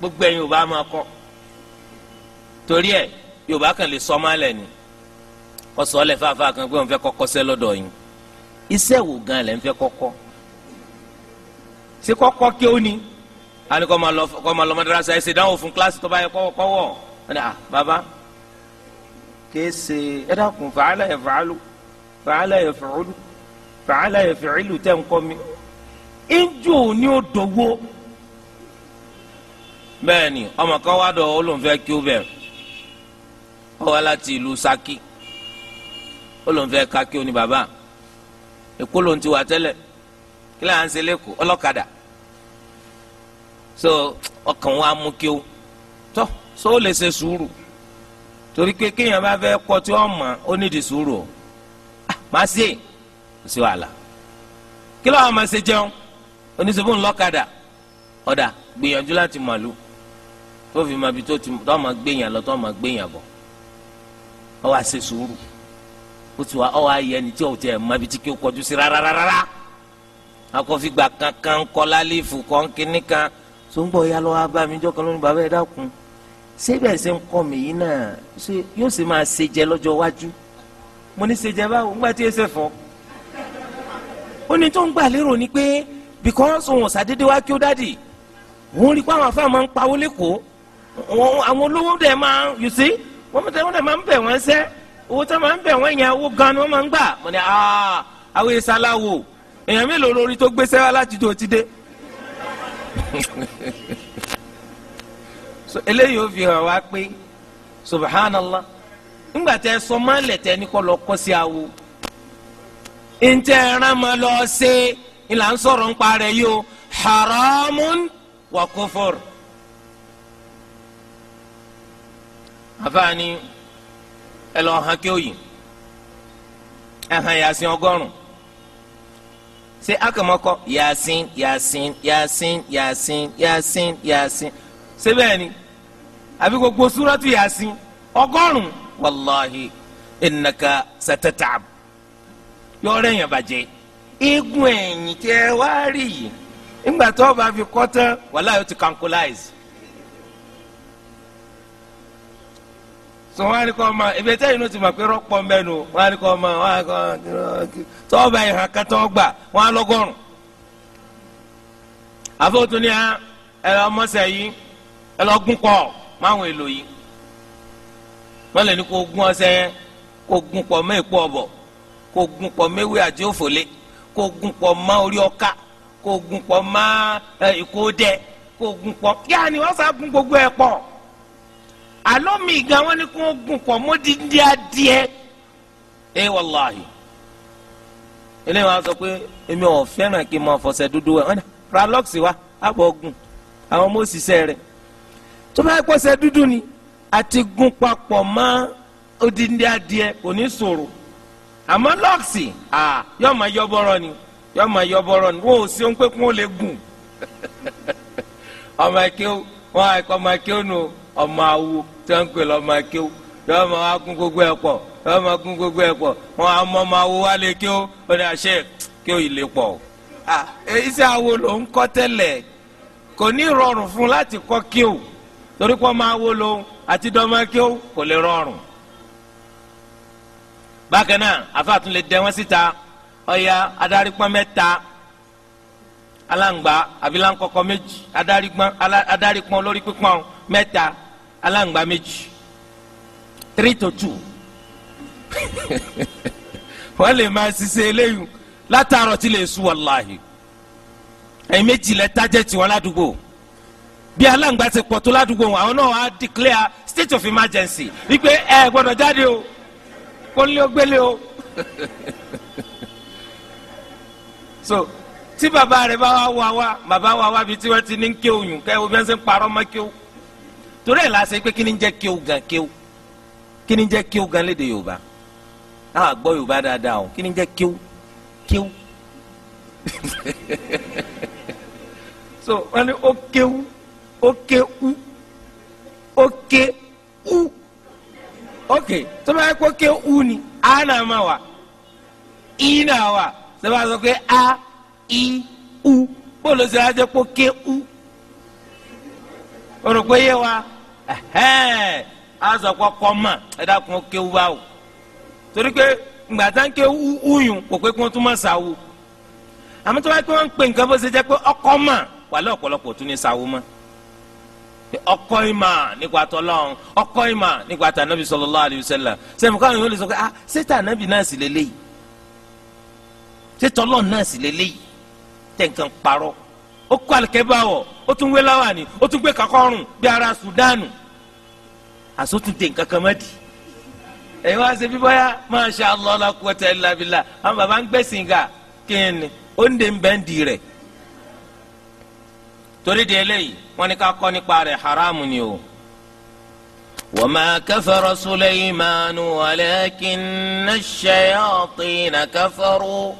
Speaker 1: gbogbo ẹ̀yin yorùbá máa kọ́ torí ẹ̀ yorùbá kan lè sọ ọmọ alẹ́ ni kọ́sọ́ ọlẹ́ fàáfà kan pé òun fẹ́ kọ́kọ́ sẹ́ lọ́dọ̀ yín iṣẹ́ wo gan lẹ́ ń fẹ́ kọ́kọ́ ṣé kọ́kọ́ kí ó ní àní kọ́ máa lọ kọ́ máa lọ madrasa ẹ̀ ṣe dáhùn fún kíláàsì tó bá yẹ kọ́wọ́ kọ́wọ́ ọ̀dà bàbá kése ẹ dákun fàálà yẹ fàálù fàálà yẹ fàálù fàálà yẹ fàálù tẹ̀ ń kọ́ mi ẹnjú òní ò dọ̀wọ́ bẹ́ẹ̀ ni ọmọ kan wá dọ̀ ó lòun fẹ́ kí ó bẹ̀ ọ wá láti ìlú Ṣakí ó lòun fẹ́ ká kí ó ní bàbá Èkó lòun ti wà tẹ́lẹ̀ kí láà ń ṣe lẹ́kọ̀ọ́ ọlọ́kadà so ọkàn wa mú kí ó tọ́ so ó lè ṣe sùúrù torí pé kéèyàn bá fẹ́ kọ́ tí ó mọ̀ ó nídìí sùúrù o ah, máa ṣe kò sí wàhálà kí ló àwọn máa ṣe jẹun oníṣòwò ńlọ́kadà ọ̀dà gbìyànjú láti màlúù tó fi máa bi tó ti tó máa gbéyàn lọ tó máa gbéyàn bọ̀ ọ wá ṣe sùúrù ó ti wá ọ wá yẹ ẹni tí ò tẹ ẹ máa bi tí kí ó kọjú sí rárá rárá akọfígbà kankan kọlá lífù kọ́ńkínní kan tó ń bọ̀ ya lọ́wọ́ abámijọ́ kan lónìí bàbá ẹ̀ dákun síbẹ̀ ṣe ń kọ́ mi yìí náà yóò ṣe máa ṣe jẹ lọ́jọ́ iwájú mo ní ṣe jẹ báwo ńgbà tí ẹsẹ̀ fọ́ ó ní tó ń gbà lérò ni pé because òun ṣàdédé wá kí ó dádì òun rí pé àwọn afáàmọ́ ń pawó lẹ́kọ̀ọ́ àwọn olówó dẹ̀ máa you see wọ́n mọ̀ tẹ́ wọ́n máa ń bẹ̀ wọ́n sẹ́ owó tẹ́ máa ń bẹ̀ wọ́n yẹn owó gan ni wọ́n máa ń gbà mo ní ah, àwọn ìsaláwo èèyàn mélòó lórí eléyìí ó fi hàn wá pé subhanallah sọ máa ń lẹ̀tẹ̀ lọ sí awo ntẹ ẹran mọ lọ ṣe ìlànà ń yìí o haramun wa àfààní ẹ hàn kí ó yìí ẹ hàn yàsín ọgọ́rùn ṣé akọmọkọ yàsín yàsín yàsín yàsín yàsín yàsín ṣé bẹ́ẹ̀ gbogbo suratu yàsín ọgọ́rùn wàláhi ẹnìkan sẹtẹtàb yọrẹ yẹn bàjẹ́ eegun ẹ̀yìn tẹ́ wá rí yìí bá fi so wọn á ní ma ebi tẹ́yìn ló ti mọ̀ pé rọ́pọ̀ mẹ́nu wọn á ní ma wọn á kọ́ tọ́ọ̀bà yìí gba, gbà wọn á lọ́gọ́rùn. ni ẹ lọ yìí ẹ lọ gún pọ̀ máwọn èlò yìí wọ́n lè ní kó gún ọṣẹ kó gún kó gún àti òfòlé kó gún orí ọká kó gún ìkó dẹ kó gbogbo ẹ àlọ́ mi wọn ni kò gùn kọ́ mọ́dídí adìẹ ẹ wàláhì eléyìí wọn sọ pé èmi ò fẹ́ràn kí n máa dúdú wẹ̀ ọ̀nà pralox wa àbọ̀ gùn àwọn ọmọ òṣìṣẹ́ tó bá pọ̀ṣẹ dúdú ni àti gùn papọ̀ kò ní a yọọ ma yọ ni yọọ ma yọ ni ò sí ohun pé kún ó lè gùn ọmọ wọn tí wọ́n ń pè lọ́mọ akéwò tí wọ́n máa gún gbogbo ẹ̀ pọ̀ tí wọ́n máa gún gbogbo ẹ̀ pọ̀ wọ́n á mọ́ máa wo wá lé kéwò ó ní àṣẹ kéwò ìlé pọ̀ o. iṣẹ́ awo ló ń kọ́ tẹ́lẹ̀ kò ní rọrùn fún láti kọ́ kéwò torí pé ọmọ awo ló àti dọ́mọ kéwò kò lè rọrùn. bákan náà àfàtún lè dẹ wọ́n síta ọ̀ya adarí pọ́n mẹ́ta alangba abilankọkọ méjì adarikpọn olórí pípọn mẹ́ta aláǹgbá méjì three to two wọ́n lè máa ṣiṣẹ́ eléyìí látàárọ̀ tí lè sùn wàláhì ẹ̀yin méjì lẹ tájẹ́ tiwọn ládùúgbò bí aláǹgbá ti pọ̀ tó ládùúgbò wọn àwọn náà á declare state of emergency wípé ẹ gbọ́dọ̀ jáde o kó lé o gbélé o so tí Baba rẹ bá wá wá wá bàbá wá wá bí tí wọ́n ti ní kéwòn kẹ́ o bí wọ́n ti ń parọ́ mọ́ kéwòn. torí ẹ̀ la ṣe pé kí ni jẹ́ kéwù gan kéwù kí ni jẹ́ gan léde yorùbá a gbọ́ yorùbá dáadáa o kí ni jẹ́ kéwù kéwù so wọ́n ní ó u ó kéwù ó ok tó bá yẹ kó ni a náà ama wà i náà wà sọ sọ pé a i u bó ló ṣe wá jẹ́ kó ẹhẹn azọkọ kọma ọkọ kun kéwu báwo torí pé gbàtà ń ké uyùn kò pé kí wọn tún máa sáwó tó bá pé wọn pè nǹkan ọkọ mà wàlẹ ọ̀pọ̀lọpọ̀ tún ní ọkọ ìmà nípa tọlọ́run ọkọ ìmà nípa tànàbí káwọn lè sọ pé ah ṣé náà sì ṣé náà sì nǹkan ó ó tún ó tún gbé àsótúndé nǹkan kan mọ́ di ẹ̀yin wá ṣe bí bóyá masha allah la quwwata illa billah àwọn bàbá ń gbẹ̀sìn ga kí ni ó ń de ń bẹ́ ń di rẹ̀ torí de eléyìí wọ́n ní ká kọ́ nípa rẹ̀ haramu ni o. وما كفر سليمان ولكن الشياطين كفروا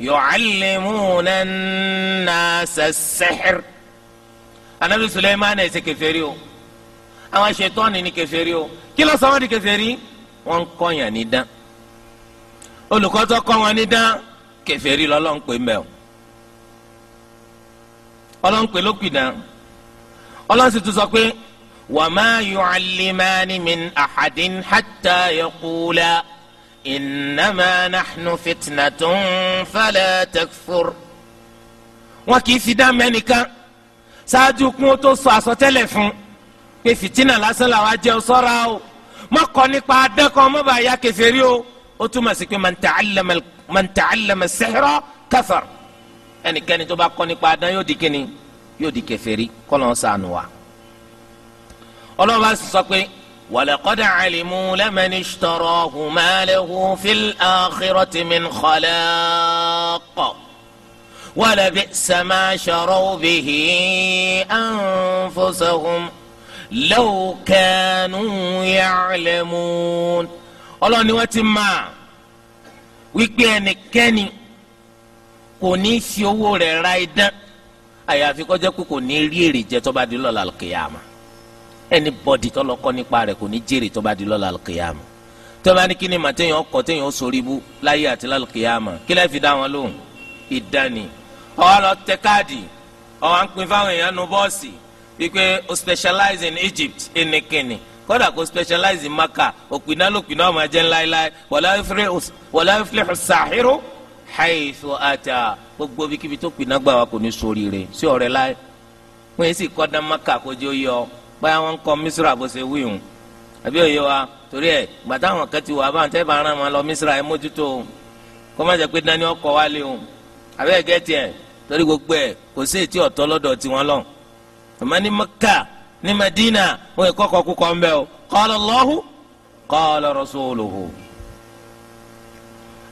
Speaker 1: يعلمون الناس السحر أنا سليمان يسكفريو àwọn ṣètọ́ni ní kèfèrí o kí ló sọ wọ́n di kèfèrí wọ́n ń kọ́yàn ní dán olùkọ́ tó kọ́ wọn ní dán kèfèrí lọ́lọ́ ń pè mẹ́ o ọlọ́n pè ló pìdán ọlọ́n sì tún sọ pé wa ma yu'allimani min ahadin hatta yaqula innama nahnu fitnatun fala takfur. wọn kì í fi dán mẹ́nìkan ṣáájú kún ó tó sọ àsọtẹ́lẹ̀ fún un pé fìtínà lásán làwọn ajẹun sọ́ra o mọ́kọ́ nípa adẹ́kọ̀ọ́ mọ́ bá ya kèfèrí o ó túmọ̀ sè pé man ta'allama man ta'allama sihra kafar ẹnikẹ́ni tó bá kọ́ nípa adán yóò di kíni yóò di kèfèrí kọ́lọ́n sànù wa. ọlọ́ba sọ pé walaqad alimu laman ishtarahu ma lahu fil akhirati min khalaq. bí ما شروا به أنفسهم law kanu ya'lamun ọlọ́run ni wọ́n ti máa wípé ẹnikẹ́ni kò ní í fi owó rẹ̀ ra idán àyàfi kọjá pé kò ní rí èrè jẹ tó di lọ́la al-qiyama anybody tó lọ kọ́ nípa rẹ̀ kò ní jèrè tó bá di lọ́la al-qiyama tó bá ní kí ni mà téèyàn ọkọ̀ téèyàn sórí láyé àti lálùkìyàmà kí lẹ́ẹ̀ fi dá wọn lóhùn ìdání ọ̀hún lọ tẹ káàdì ọ̀hún à ń pin fáwọn èèyàn nu bọ́ọ̀sì wípé o specialize in Egypt ẹnìkìnì kódà kó specialize in Maka òpinna lòpinna ọmọ ajẹ́ ńláńlá wala yuflihu sahiru haythu ata gbogbo bíkíbi tó pinna gbà wá kò ní sórí rẹ̀ sí ọ̀rẹ́ láyé wọ́n yẹn sì kọ́dá Maka kójú yọ báyà wọ́n ń kọ́ Misra bó ṣe wíwùn àbí òye wa torí ẹ̀ gbàtà àwọn kan ti wà báwọn tẹ́ bá ara wọn lọ Misra ẹ̀ mójútó kọ́mọ́jà pé dání ọkọ̀ wálé o àbí ẹ̀gẹ́ tiẹ̀ torí gbogbo ẹ̀ kò sí ètí ọ̀tọ́ lọ́dọ̀ tiwọn lọ́hùn àmọ́ ní Mẹ́kà ní Madina wọn yẹ kọ́kọ́ kú kọ́ ń bẹ́ o qala Allahu qala rasuluhu.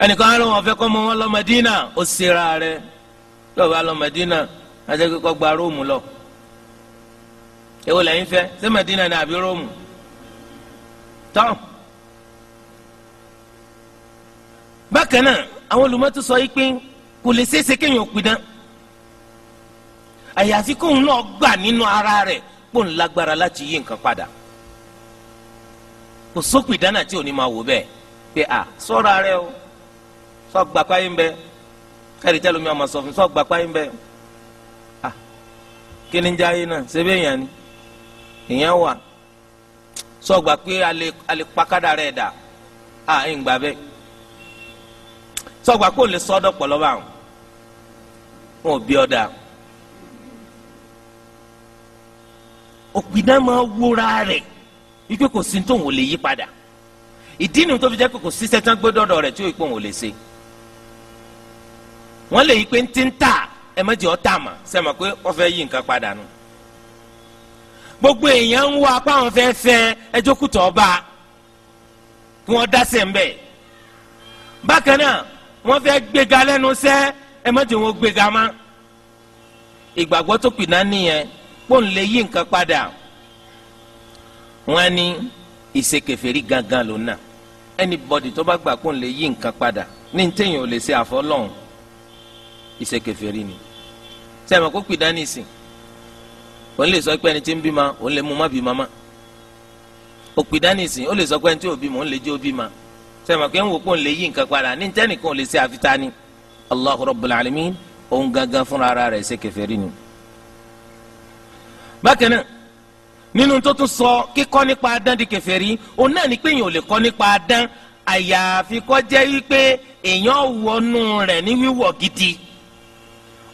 Speaker 1: ẹnìkan á lọ wọn fẹ́ kọ́ mọ wọn lọ Madina ó sera rẹ lọ́ba lọ Madina àti kíkọ́ gba Róòmù lọ. èwo lẹ́yìn fẹ́ ṣé Madina ni àbí Róòmù tán. bákan náà àwọn olùmọ̀tò sọ yìí pé kò lè ṣeé ṣe kéèyàn ò pidán àyàfi kóun náà gbà nínú ara rẹ̀ kó ń lágbára láti yí nǹkan padà kò sópin dáná tí ò máa wò bẹ́ẹ̀ pé à sọ́ra rẹ o sọ gbà páyé ń bẹ kẹ́rì tẹ́lómi ọmọ sọ fún sọ gbà páyé à ni jẹ́ náà ṣé bẹ́ẹ̀ yàn ni ìyẹn wà sọ gbà pé alẹ́ pakádà rẹ̀ dà à ń gbà bẹ́ẹ̀ sọ gbà pé òun lè sọ òpìdán máa wúra rẹ̀ wípé kò sí tóun ò lè yí padà ìdí nu tó fi jẹ́ pé kò síṣẹ́ tán gbódọ̀dọ̀ rẹ̀ tí òpin òun ò lè ṣe wọ́n lè yí pé ń ti ń tà ẹ má jẹ́ ọ́ tà mà sẹ́mọ̀ pé wọ́n fẹ́ yí nǹkan padà nù gbogbo èèyàn ń wá apá àwọn fẹ́ fẹ́ ẹjọ́ kùtọ̀ ọba kí wọ́n dá sẹ̀ ń bẹ̀ bákan náà wọ́n fẹ́ gbéga lẹ́nu sẹ́ ẹ má jẹ́ wọn gbéga má ìgbàgbọ́ tó pìdán nìyẹn pọ́ùn lè yí nǹkan padà wọ́n ní ìṣekèfèrí gangan ló nà anybody tó bá gbà pọ́ùn lè yí nǹkan padà ní ntẹ̀yìn ò lè ṣe àfọlọ́hún ni sẹ́mi kó pè dání sìn òun lè sọ pé ẹni tí ń bímọ òun lè mú má bímọ má òpè dání sìn ó lè sọ pé ẹni tí ò bímọ òun lè jẹ́ ó bímọ sẹ́mi kó ń wò pọ́ùn lè ni Rabbul Alamin gangan fúnra ara rẹ̀ ni. bákan náà nínú tó tún sọ kíkọ́ nípa adán di kèfèrí òun náà ni pé èèyàn ò lè kọ́ nípa adán àyàfi kọ́ jẹ́ wípé èèyàn wọnú rẹ̀ ní wíwọ̀ gidi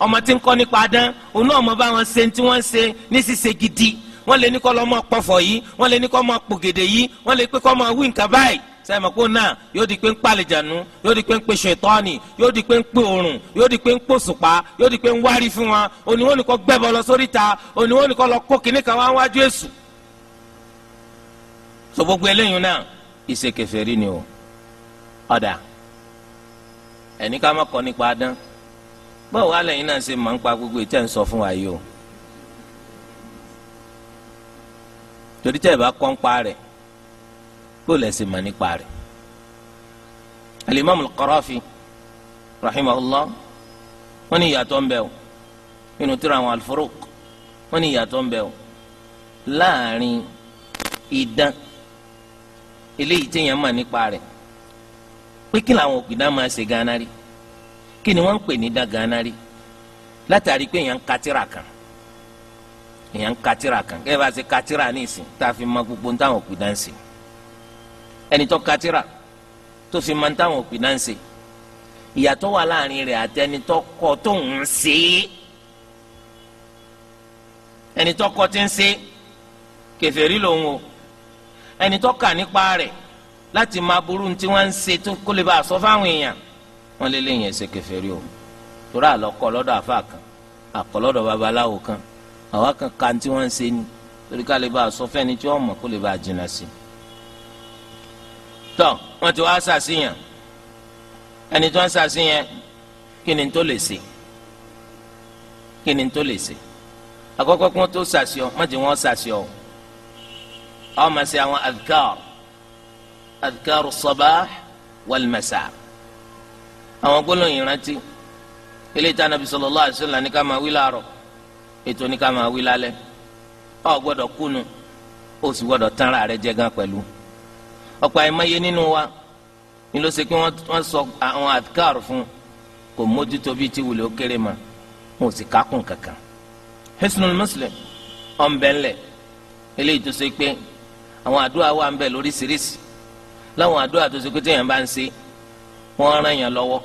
Speaker 1: ọmọ tí ń kọ́ nípa adán òun náà mọ bá wọn ṣe tí wọ́n ṣe ní ṣíṣe gidi wọ́n lè ní kọ́ lọ́mọ pọ̀fọ̀ yìí wọ́n lè ní kọ́ mọ pògèdè yìí wọ́n lè pé kọ́ mọ wí nǹkan báyìí sẹ́mi kó náà yóò di pé ń pàlejànú yóò di pé ń pe ṣètọ́ni yóò di pé ń pe òrùn yóò di pé ń pòṣùpá yóò di pé ń wárí fún wa òníwọ́n nìkan gbẹ́bọ̀ lọ sórí ta òníwọ́n nìkan lọ kó kínní kan wá wájú èṣù. sọ gbogbo eléyìí náà ìṣèkèfèrí ni o ọ̀dà ẹni ká má kọ́ nípa adán báwo wá lẹ́yìn náà ṣe máa ń pa gbogbo ìtẹ́ ń sọ fún wa yìí o torí tẹ́ ẹ bá kọ́ ń pa rẹ̀ bó lẹ ṣe mọ̀ nípa rẹ̀ alimami Qarafi rahimahullah wọ́n ní ìyàtọ̀ ń bẹ o nínú tírà àwọn al-Furuq wọ́n ní ìyàtọ̀ ń bẹ o láàrin idán eléyìí téèyàn mọ̀ nípa rẹ̀ pé kí làwọn òpìdán máa ṣe gánà rí kí ni wọ́n ń pè ní dán gánà rí látàrí pé èèyàn ń ka kan èèyàn ń ka kan kẹ́ẹ́ bá ṣe ka ní ìsìn tá a fi mọ̀ gbogbo ń táwọn òpìdán ṣe ẹni katira tó fi máa ń táwọn òpin náà ń ṣe ìyàtọ̀ wà láàrin rẹ̀ àti ẹni tó kọ́ tó ń ṣe ẹni tó kọ́ ti ń ṣe kèfèrí lòun o ẹni tó kà nípa rẹ̀ láti máa burú tí wọ́n ń ṣe tó kó lè bá a sọ fáwọn èèyàn wọ́n lé lẹ́yìn ẹsẹ̀ kèfèrí o torí àlọ́kọ́ lọ́dọ̀ àfa kan àkọ́ babaláwo kan àwa kan kan tí wọ́n ń ṣe ni torí ká lè bá a sọ fẹ́ni tí wọ́n mọ̀ kó lè bá a jìnnà sí i tọ wọn ti wá sàṣìyàn ẹni tí wọn sàṣìyàn kí ni tó lè ṣe kí ni tó lè ṣe àkọ́kọ́ kí wọn tó sàṣìọ má ti wọn sàṣìọ ọ ma ṣe àwọn adhkar adhkar sabah wal masa àwọn gbólóhùn ìrántí ilé ìta nàbí sallallahu alaihi wasallam ní ká máa wí láàárọ̀ ètò ní ká máa wí lálẹ́ ọ gbọ́dọ̀ kúnu ó sì gbọ́dọ̀ tán ara rẹ̀ jẹ gan pẹ̀lú ọ̀pọ̀ àìmọye nínú wa ni ló ṣe pé wọ́n sọ àwọn àdìkàr fún kò mójútó bíi ti wùlé ó kéré ma wọn ò sì kákùn kankan Hisnul Muslim ọ̀nbẹ̀ńlẹ̀ eléyìí tó ṣe pé àwọn àdúrà wà ń bẹ lóríṣiríṣi láwọn àdúrà tó ṣe pé téèyàn bá ń ṣe wọ́n ràn yàn lọ́wọ́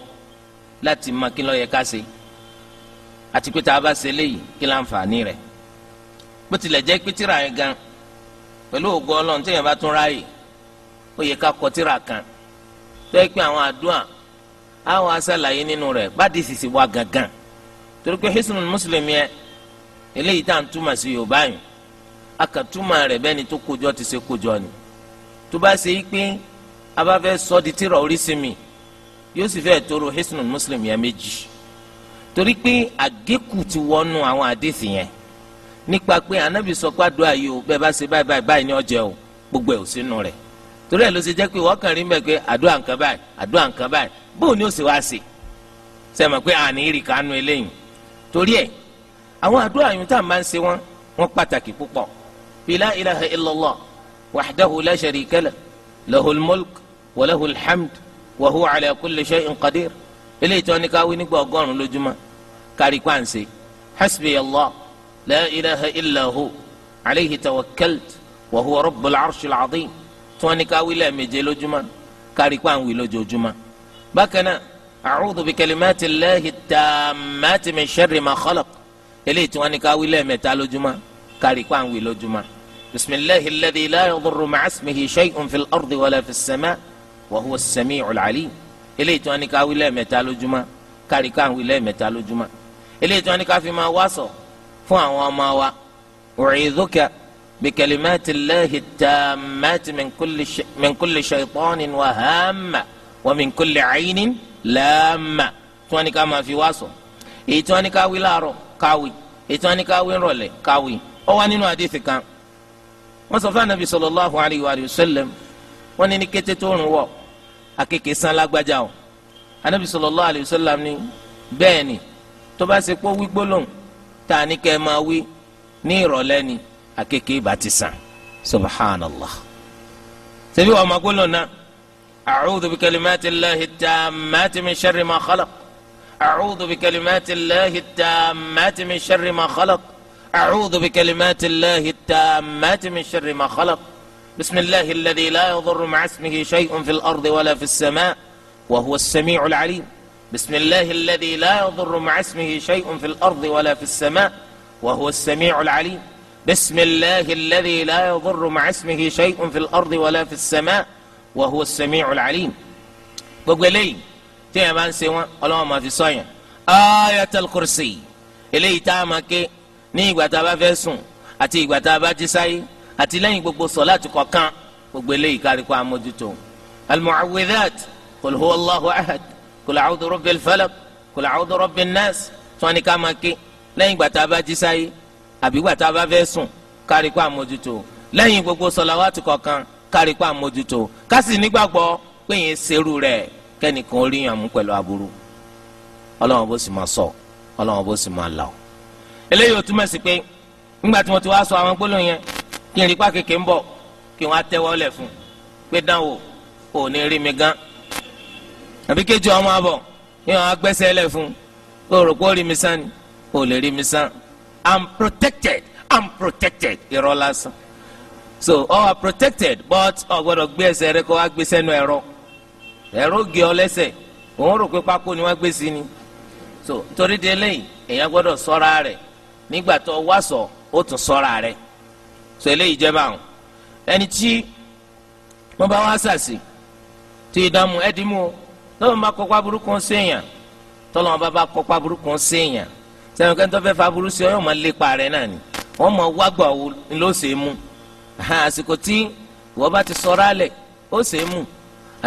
Speaker 1: láti mọ kí ló yẹ ká ṣe àti pé tá a bá ṣe léyìí kí láǹfààní rẹ̀ bó tilẹ̀ jẹ́ pé tíra yẹn gan pẹ̀lú ògo Ọlọ́run téèyàn bá tún ráàyè ó yẹ ká kọ tírà kan tẹ́ pé àwọn àdúrà àwọn aṣàlàyé nínú rẹ̀ bá sisi wa gangan torí pé Hisnul Muslim yẹ eléyìí tá à ń túmọ̀ sí Yorùbá yìí a kà túmọ̀ rẹ̀ bẹ́ẹ̀ ni tó kojọ́ ti ṣe kojọ́ ni tó bá ṣe yí pé a bá fẹ́ sọ di tírà oríṣi mi yóò sì fẹ́ tóró Hisnul Muslim yẹn méjì torí pé àgékù ti wọnú àwọn àdéhìí yẹn nípa pé Ànábì sọ pé àdúrà yìí o bẹ́ẹ̀ bá ṣe báyìí báyìí ni ó o gbogbo ẹ̀ ò sínú rẹ̀ torí ẹ̀ ló ṣe jẹ́ pé wọ́n kàn rí mẹ́ pé àdúrà nǹkan báyìí àdúrà nǹkan báyìí bóun ni ó sì wá sí sẹ́mi pé àní ìrì kánú eléyìí torí ẹ̀ àwọn àdúrà yìí tá à máa ń ṣe wọn wọn pàtàkì púpọ̀ bí la ilaha illallah wahdahu la sharika lah lahul mulk wa lahul hamd wa huwa ala kulli eléyìí tó ní ká wí nígbà ọgọ́rùn-ún lójúmọ́ kárí pàǹsẹ̀ hasbiyallah la ilaha illahu alayhi tawakkalt wa rabbul arshil azim. tí wọ́n ní ká wí méje lójúmọ́ kárí pa àwọn wí lójoojúmọ́ bákan náà àrùdù bi kẹlẹ́ mẹ́tì kalimati llahi mẹ́tì mi ṣẹ́rì ma xọ́lọ̀ eléyìí tí wọ́n ní ká wí mẹ́ta lójúmọ́ kárí pa àwọn wí lójúmọ́ bisimilahi alladhi la yadurru ma'a ṣe shay'un fil ardi wala fis sama' wa huwa as-sami'ul 'alim eléyìí tí wọ́n ní ká wí mẹ́ta lójúmọ́ kárí pa àwọn wí lẹ́ẹ̀mẹ́ta lójúmọ́ eléyìí tí wọ́n ní ká fi máa wá sọ fún àwọn ọmọ wa u'idhuka بكلمات الله التامات من كل ش... من كل شيطان وهامة ومن كل عين لامة تواني كما في واصل èyí tí wọn ní káwí láàárọ̀ káwí èyí tí wọn ní káwí rọ̀lẹ́ káwí ó wà nínú àdéhìí kan wọn sọ fún anabi sallallahu alayhi wa sallam wọn ní ní kété tó rùn wọ akéèké san lágbájá o anabi sallallahu alayhi wa sallam ní bẹ́ẹ̀ ni tó bá ṣe pé wí gbólóhùn tá a ní kẹ́ ẹ máa wí ní ìrọ̀lẹ́ ni. àkekèé bá ti sàn subhanallah ṣebí wàá magbó lọ́nà a'udhu bi kalimati llahi tammati min sharri ma khalaq a'udhu bi kalimati llahi tammati min sharri ma khalaq a'udhu bi kalimati llahi tammati min sharri ma khalaq بسم الله الذي لا يضر مع اسمه شيء في الأرض ولا في السماء وهو السميع العليم بسم الله الذي لا يضر مع اسمه شيء في الأرض ولا في السماء وهو السميع العليم بسم الله الذي لا يضر مع اسمه شيء في الأرض ولا في السماء وهو السميع العليم gbogbo eléyìí tí yẹn bá ń ṣe wọn ọlọ́wọ́n máa fi sọ yẹn ayatul kursi eléyìí tá a máa ké ní ìgbà tá a bá fẹ́ sùn àti ìgbà tá a bá jí sáyé àti lẹ́yìn gbogbo sọ̀láàtì kọ̀ọ̀kan gbogbo eléyìí kárí kó a mójútó almuawwidat qul huwa allahu ahad qul a'udhu rabbil falaq qul a'udhu rabbin nas tí wọ́n ní ká máa ké lẹ́yìn ìgbà tá a bá jí sáyé àbígbà tá a bá fẹ́ sùn kárí pa àmójútó lẹ́yìn gbogbo sọláwátì kọ̀ọ̀kan kárí pa àmójútó kásì nígbàgbọ́ pé yẹn serú rẹ̀ kẹ́nìkan ó ríyàn mú pẹ̀lú aburú ọlọ́wọ́n bó sì máa sọ ọlọ́wọ́n bó sì máa là ó. eléyìí ò túmọ̀ sí pé nígbà tí mo ti wá sọ àwọn gbólóhùn yẹn kí n rí pa kékeré ń bọ̀ kí wọ́n á tẹ́wọ́ lẹ̀ fún pé dánwò ò ní rí mi gan àbí kéjì ọmọ àbọ̀ kí wọ́n á gbẹ́sẹ̀ lẹ̀ fún o rò pé rí mi sán ni ò lè rí mi sán Am protected am protected irọ́ lásán so all are protected but ọ gbé rẹ kó wá gbé sẹ́nu ẹ̀rọ ẹrọ gé ọ lẹsẹ òun rò pé pákó ni wọ́n gbé sí ni so torí de eléyìí èèyàn rẹ̀ nígbà tó wá sọ ó tún so eléyìí báwọn ẹni tí bá wá tí ìdààmú sẹ́yìn kẹ́ńtọ́ fẹ́ faburú sí ọ yóò máa lépa rẹ̀ náà ni wọ́n mọ̀ wágbà wo ló ṣe é mú àsìkò tí wọ́n bá ti sọ̀rọ̀ alẹ̀ ó ṣe é mú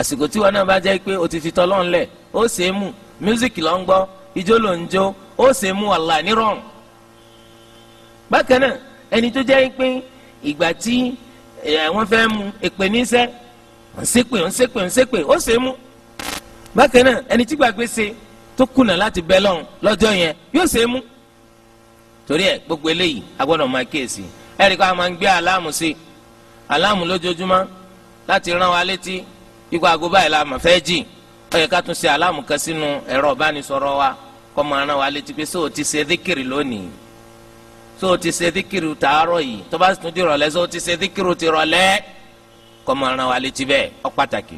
Speaker 1: àsìkò tí wọ́n náà bá jẹ́ pé o ti fi tọ́lọ́run lẹ̀ ó ṣe é mú mísíkì ló ń gbọ́ ijó ló ń jó ó ṣe é mú wàhálà nírọ̀rùn. bákan náà ẹni tó jẹ́ pé ìgbà tí wọ́n fẹ́ mú èpè níṣẹ́ ń ṣépè ń ṣépè ń ṣépè ó ṣe é mú. bákan náà ẹni tí gbàgbé ṣe tó kùnà láti bẹ lọ́hùn lọ́jọ́ yẹn yóò ṣe é mú torí ẹ gbogbo eléyìí a gbọ́dọ̀ máa kíyèsí ẹ̀rí ká máa ń gbé aláàmù sí aláàmù lójoojúmọ́ láti rán wa létí ikú aago báyìí la mà fẹ́ jì ó yẹ ká tún ṣe aláàmù kan sínú ẹ̀rọ ìbánisọ̀rọ̀ wa kó máa rán wa létí pé sóò ti ṣe díkìrì lónìí sóò ti ṣe díkìrì tàárọ̀ yìí tó bá tún di rọ̀lẹ́ sóò ti ṣe díkìrì ti rọ̀lẹ́ kó máa rán wa létí bẹ́ẹ̀ ó pàtàkì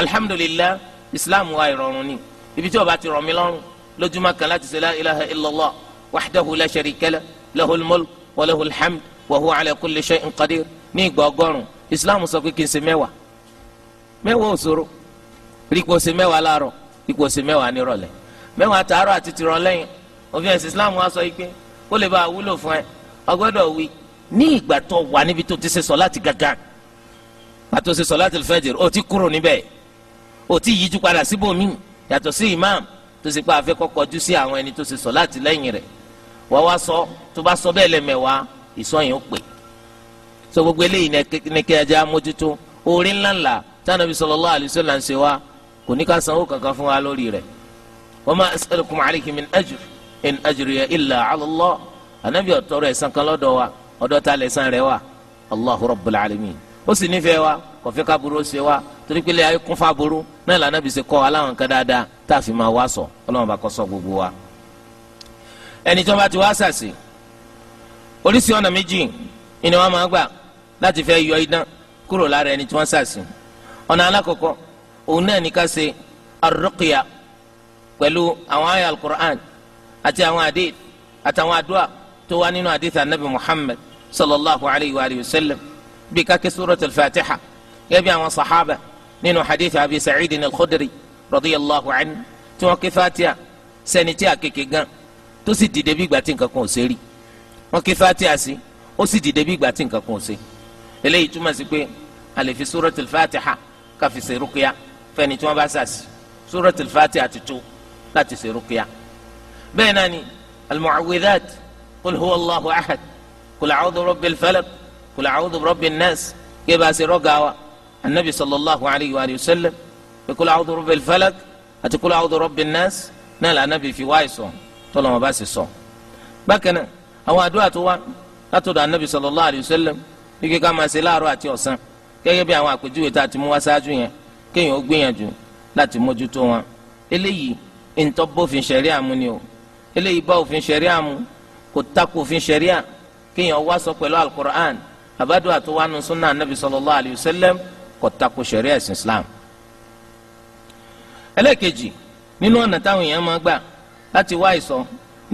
Speaker 1: alhamdulillah islam wa ìrọ̀rùn ni ibi tí ó bá ti rọ̀ mí lọ́rùn lójúmọ́ kan láti ṣe la ilaha illallah wahdahu la sharika lah lahul mulk wa lahul hamd wa huwa ala kulli shay'in qadir ní ìgbà ọgọ́rùn islam sọ pé kí n ṣe mẹ́wàá mẹ́wàá òṣòro rípo ṣe mẹ́wàá láàárọ̀ rípo ṣe mẹ́wàá nírọ̀lẹ́ mẹ́wàá tààrọ̀ àti tìrọ̀lẹ́yìn òfin ẹ̀sìn islam wa sọ pé kó lè bá wúlò fún ẹ o wí ní ìgbà tó wà níbi tó ti ṣe sọ láti gàgà pàtó ṣe sọ láti fẹ́jẹ̀ o ti kúrò níbẹ̀ o ti yíjú padà síbòmíì yàtọ̀ sí imam tó ṣe pé a fẹ́ kó kọjú sí àwọn ẹni tó ṣe sọ láti lẹ́yìn rẹ̀ wá wá sọ tó bá sọ bẹ́ẹ̀ lẹ́mẹ̀wá ìsọyìn ó pè sọ gbogbo eléyìí ní kí ajá mójútó orí ńláńlá tánàbí sallallahu alaihi wasallam ń ṣe wá kò ní ká sanwó kankan fún wa lórí rẹ̀ wa ma as'alukum alayhi min ajr in ajriya illa ala Allah ọ̀tọ́rọ̀ ẹ̀san kan lọ́dọ̀ wa ọ̀dọ̀ ta rẹ̀ wa Allahu rabbul alamin ó sì nífẹ̀ẹ́ wa kò fẹ́ ká ṣe wa torí pé ilé ayé kún fa burú náà lànà bí ṣe kọ́ aláwọn kan dáadáa tá a fi máa wá sọ ọlọ́run bá kọ́ sọ gbogbo wa. ẹni tí wọ́n bá ti wá sàṣì oríṣi ọ̀nà méjì ni wọ́n máa gbà láti fẹ́ yọ idán kúrò lára ẹni tí wọ́n sàṣì ọ̀nà alákọ̀ọ́kọ́ òun náà ní ká ṣe arúkìá pẹ̀lú àwọn ayé alukur'an àti àwọn adéèd àtàwọn adúà tó wá nínú adéèd anabi muhammad sallallahu alayhi wa sallam bí ká ké suratul fatiha gẹ́gẹ́ bí àwọn sàhábà nínú hadith abi sa'id al-khudri radiyallahu anhu tí wọ́n ké fatia sẹ́ni tí a kéke gan tó sì dìde bí ìgbà tí nǹkan kan ò ṣe rí wọ́n ké fatia sí ó sì dìde bí ìgbà tí nǹkan kan ò ṣe eléyìí túmọ̀ sí pé a lè fi suratul fatiha ká fi ṣe rukia fẹ́ni tí wọ́n bá sàsì suratul fatiha ti tó láti ṣe rukia bẹ́ẹ̀ náà ni al-mu'awwidhat qul allahu ahad qul a'udhu bi rabbil falaq qul a'udhu nas kí ẹ bá ṣe rọ́gà wa anabi sallallahu alayhi wa sallam pé kul a'udhu rabbil falak àti kul a'udhu rabbin nas náà là anabi fi wáyé sọ tọ́lọ́ wọn bá sì sọ. bákan náà àwọn àdúrà tó wá látọ̀dọ̀ anabi sallallahu alayhi wa sallam bí kíkà máa ṣe láàárọ̀ àti ọ̀sán gẹ́gẹ́ bí àwọn àpèjúwe tá a ti mú wá ṣáájú yẹn kéèyàn ó gbìyànjú láti mójútó wọn eléyìí ntọ́ bófin ṣẹ̀ríà mu ni o eléyìí bá òfin ṣẹ̀ríà mu kò takò òfin ṣẹ̀ríà kéèyàn wá sọ pẹ̀lú alukur'an àbádọ́ àtúwánu sunna anabi sallallahu alayhi wa sallam kò tako sẹ̀rí islam. ẹlẹ́ẹ̀kejì nínú ọ̀nà táwọn èèyàn máa gbà láti wá ìsọ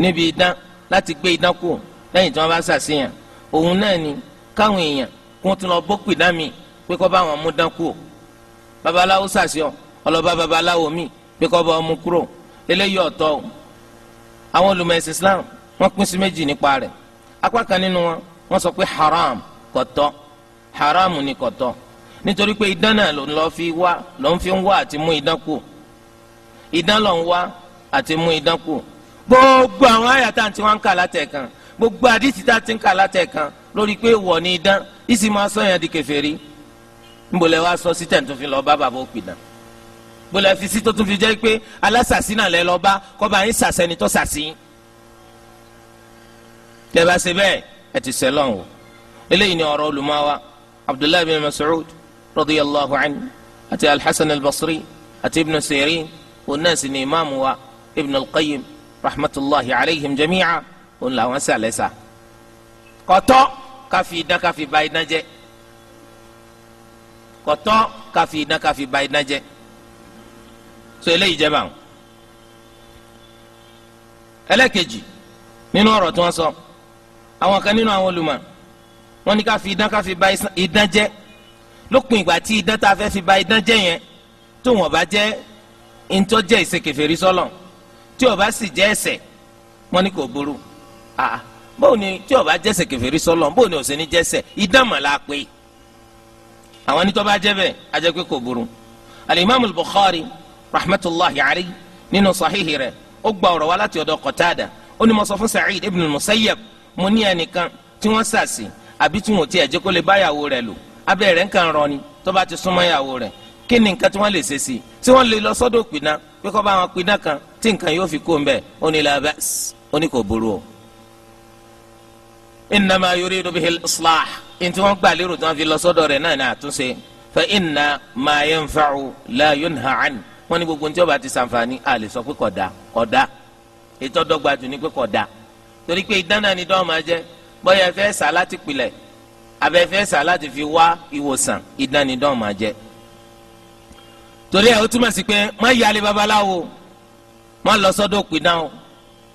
Speaker 1: níbi idán láti gbé idán kù lẹ́yìn tí wọ́n bá ṣàṣeyàn òun náà ni káwọn èèyàn kún tún lọ bókù idán mi pé kọ́ bá wọn mú dán kù babaláwo ṣàṣeyàn ọlọ́ba babaláwo mi pé kọ́ bá wọn mú kúrò eléyìí ọ̀tọ̀ o àwọn olùmọ̀ islam wọ́n pín sí méjì nípa rẹ̀ apá kan nínú wọn wọ́n sọ pé haram kò haram ni kò nítorí pé idán náà ló fi wá ló ń fi ń wá àti mú idán kù idán ló ń wá àti mú idán kù gbogbo àwọn àyàtà tí wọ́n ń kà látẹ̀kan gbogbo àdìsí tá ti ń kà látẹ̀kan lórí pé wọ̀ ni idán ìsì máa sọ yẹn di kèfèrí nbọlẹ̀ wa sọ sí tẹ̀ǹtù fi lọ bá bàbá òpìdán bọ́lá fi sí tó tún fi jẹ́ pé alásàsí náà lẹ lọ́ọ́ bá kọ́ba yín sàsẹ́ni tó sàsí. tẹ́ bá ṣe bẹ́ẹ̀ ẹ ti sẹ́lọ̀ o eléyìí ni ọ̀rọ̀ olùmọ̀ wa Abdullahi bin Mas'ud radiyallahu anhu àti alḥasan albasri àti ibnu sirin òun náà sì ni imaamu wa ibnu alqayyim rahmatulahi alayhim jamiica òun làwọn sàlẹ̀sà kọ̀tọ́ káfi iná káfi ba iná jẹ́ kọ̀tọ́ káfi iná káfi ba iná jẹ́ so eléyìí jẹ́ báwọn ẹlẹ́kejì nínú ọ̀rọ̀ tí wọ́n sọ àwọn kan nínú àwọn olùmọ̀ wọ́n ní káfi iná káfi ba iná jẹ́ lópin ìgbà tí idán tá a fẹ́ fi ba idán jẹ́ yẹn tó wọn bá jẹ́ ntọ́ jẹ́ ìsekèfèrí sọ́lọ̀ tí ó bá sì jẹ́ ẹ̀ṣẹ̀ wọn ni kò burú àá bóun ni tí ó bá jẹ́ ìsekèfèrí sọ́lọ̀ bóun ni òsè ní jẹ́ ẹ̀ṣẹ̀ idán mà la pé àwọn onítọ́ bá jẹ́ bẹ́ẹ̀ a jẹ́ pé kò burú alimami Bukhari rahmatulahi alayhi nínú sahihi rẹ̀ ó gba ọ̀rọ̀ wa láti ọ̀dọ̀ Qatada ó ní mo sọ fún Sa'id ibn Musayyab mo ní ẹnìkan tí wọ́n sàsì àbí tí wọ́n ti ẹ̀jẹ̀ kó lè báyàwó rẹ̀ lò abẹ́ rẹ̀ nǹkan rọ ni tó bá ti súnmọ́ ìyàwó rẹ̀ kí ni nǹkan tí wọ́n lè ṣe sí i tí wọ́n lè lọ sọ́dọ̀ pìdá pé kọ́ bá wọn pìdá kan tí nǹkan yóò fi kó ń bẹ̀ ó ní la ba's ó ní kò burú o. innama yuridu bihi al-islah ntí wọ́n gbà lérò tí wọ́n fi lọ sọ́dọ̀ rẹ̀ náà ní àtúnṣe fa inna ma yanfa'u la yunha an wọ́n ní gbogbo ntí ó bá ti sànfàní a sọ pé kódà kódà ètò ọdọ́gba jù ní pé kódà torí pé ìdáná ni dọ́ọ̀ máa jẹ́ bọ́yá fẹ́ sàlá ti pilẹ̀ abẹ́fẹ́ sá láti fi wá ìwòsàn ìdánidán máa jẹ torí ẹ̀ ó túmọ̀ sí pé má yálé babaláwo má lọ sọ́dọ̀ òpìdán o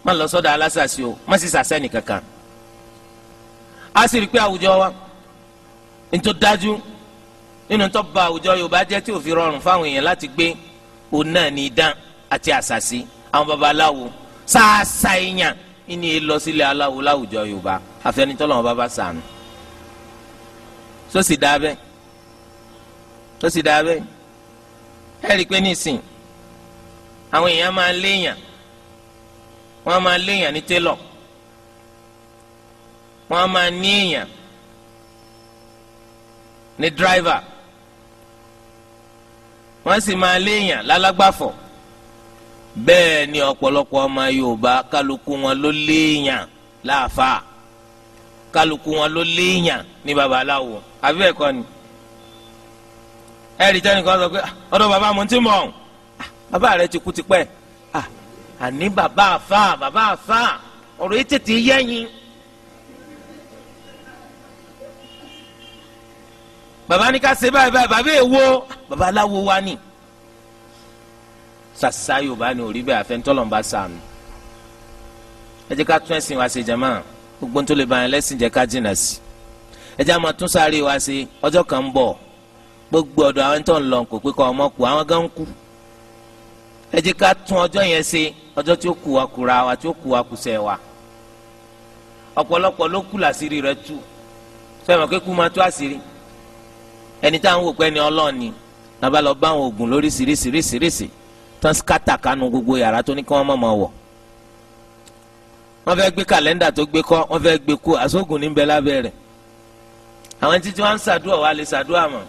Speaker 1: má lọ sọ́dọ̀ alásàsì o má sì sàṣẹ́ nìkankan a sì rí i pé àwùjọ wa nítorí dájú nínú tó ba àwùjọ Yorùbá jẹ́ tí ó fi rọrùn fáwọn èèyàn láti gbé òun náà ní idán àti àṣàṣì àwọn babaláwo sáàsà èèyàn ìní lọ sílé aláwo láwùjọ Yorùbá àfẹnitọ́lọ́wọ́n bá bá sànù sọ́sì dáa bẹ́ẹ̀ sọ́sì dáa bẹ́ẹ̀ ẹ rí i pé nísìn àwọn èèyàn máa léèyàn wọ́n máa léèyàn ní télọ̀ wọ́n máa ní èèyàn ní dráìvà wọ́n sì máa léèyàn lálágbàfọ̀ bẹ́ẹ̀ ni ọ̀pọ̀lọpọ̀ ọmọ Yorùbá kálukú wọn ló léèyàn láàfáà. La kálukú wọn ló léèyàn ní babaláwo àbí ẹ̀kọ́ ni ẹ̀rí tẹ́nìkan sọ pé ah, ọ̀dọ̀ bàbá mo ti mọ̀ ọ́n ah, bàbá rẹ ti kú tipẹ́ ah, àní bàbá àfà bàbá àfà ọ̀rọ̀ yìí tètè yẹ́yìn. bàbá ní ká ṣe báyìí báyìí bàbá èwo bàbá aláwo wa ni. sàṣà yorùbá ni orí bẹ́ẹ̀ àfẹ́ntọ́lọ́mbà sànù. ẹ jẹ́ ká tún ẹ̀sìn wa ṣe jẹ́ máa. gbogbo tó lè ba yẹn lẹ́sìn jẹ́ ká jìnnà sí ẹ jẹ́ àmọ́ tún sáré wa ṣe ọjọ́ kan ń bọ̀ gbogbo ọ̀dọ̀ àwọn tó lọ kò pé kọ́ ọmọ kù àwọn gan ń kú ẹ ká tún ọjọ́ yẹn ṣe ọjọ́ tí ó kù wa kù wa tí ó kù wa kù wa ọ̀pọ̀lọpọ̀ ló kù làṣírí rẹ̀ tú sọ̀rọ̀ pé kú máa tú àṣírí ẹni táwọn ẹni ọlọ́ọ̀ni bá àwọn lóríṣiríṣiríṣiríṣi tán wọ́n fẹ́ gbé kàlẹ́ndà tó gbé kọ́ wọ́n fẹ́ gbé kú àsóògùn níbẹ̀ lábẹ́ rẹ̀ àwọn títí wọn ń ṣàdúrà wà lè ṣàdúrà mọ́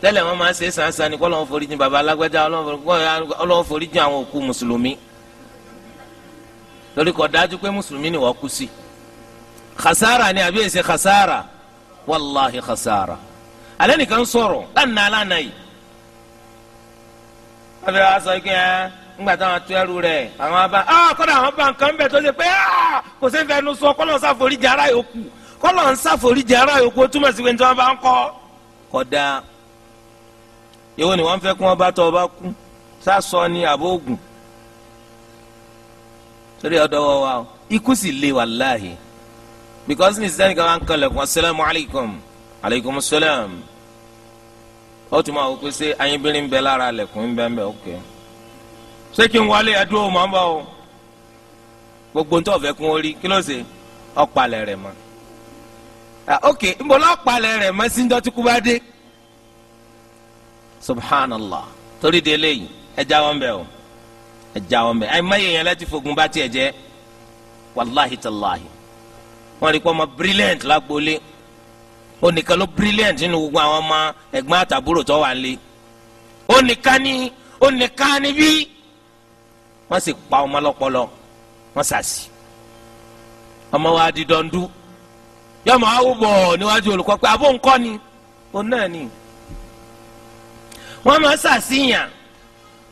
Speaker 1: tẹ́lẹ̀ wọ́n máa ń ṣe sàǹsàn ní kọ́lọ́wọ́n forí jìn baba alágbájá ọlọ́wọ́n forí jìn àwọn òkú mùsùlùmí torí kò dájú pé mùsùlùmí ni wọ́n kú sí khasara ni àbí èsì khasara wàláhi khasara alẹ́ nìkan sọ̀rọ̀ lánàá lánàá yìí wọ́n fẹ́ wá sọ kí ẹ́ ńgbà táwọn tó ẹrú rẹ̀ àwọn bá a ah, kọ́dà àwọn bá nǹkan bẹ̀ tó ṣe pé ah, kò sí fẹnu sọ kọ́lọ̀ ń sàforí yòókù kọ́lọ̀ ń sàforí yòókù túmọ̀ sí pé tí wọ́n bá ń kọ́ kọ́dà èwo ni wọ́n fẹ́ kí wọ́n bá tọ́ ọ bá kú sásọ ni àbóògùn torí ọ̀dọ̀ wọ wa o ikú sì le wàláhì because ní sẹ́ni kan máa ń kalẹ̀ kún asalaamu alaykum alaykum salaam ó tún máa wò pé ṣé ayébírin bẹ lára lẹ̀kùn ń bẹ́ẹ̀ bẹ́ẹ̀ okay. ṣé kí n wálé adúró mọ̀ ń o gbogbo ń tọ́ fẹ́ kún orí kí ló ṣe ọ̀pàlẹ̀ rẹ̀ mọ́ ok ń bọ̀ lọ́pàlẹ̀ rẹ̀ mọ́ sí ń kú bá dé subhanallah torí de eléyìí ẹ já wọn bẹ o ẹ já wọn bẹ ẹ mẹ́yẹ yẹn láti fògùn bá tiẹ̀ jẹ́ wàláhi tàláhi wọ́n rí ọmọ brilliant lágbólé ó ló brilliant nínú gbogbo àwọn ọmọ ẹ̀gbọ́n àtàbúrò tó wà lé ó ní ní wọ́n sì pa ọmọ lọ́pọlọ wọ́n sàsì ọmọ wa di dọ́ndú yọmọ awúbọ̀ níwájú olùkọ́ pé abó ńkọ́ ni òun náà ni wọ́n máa sàsìyàn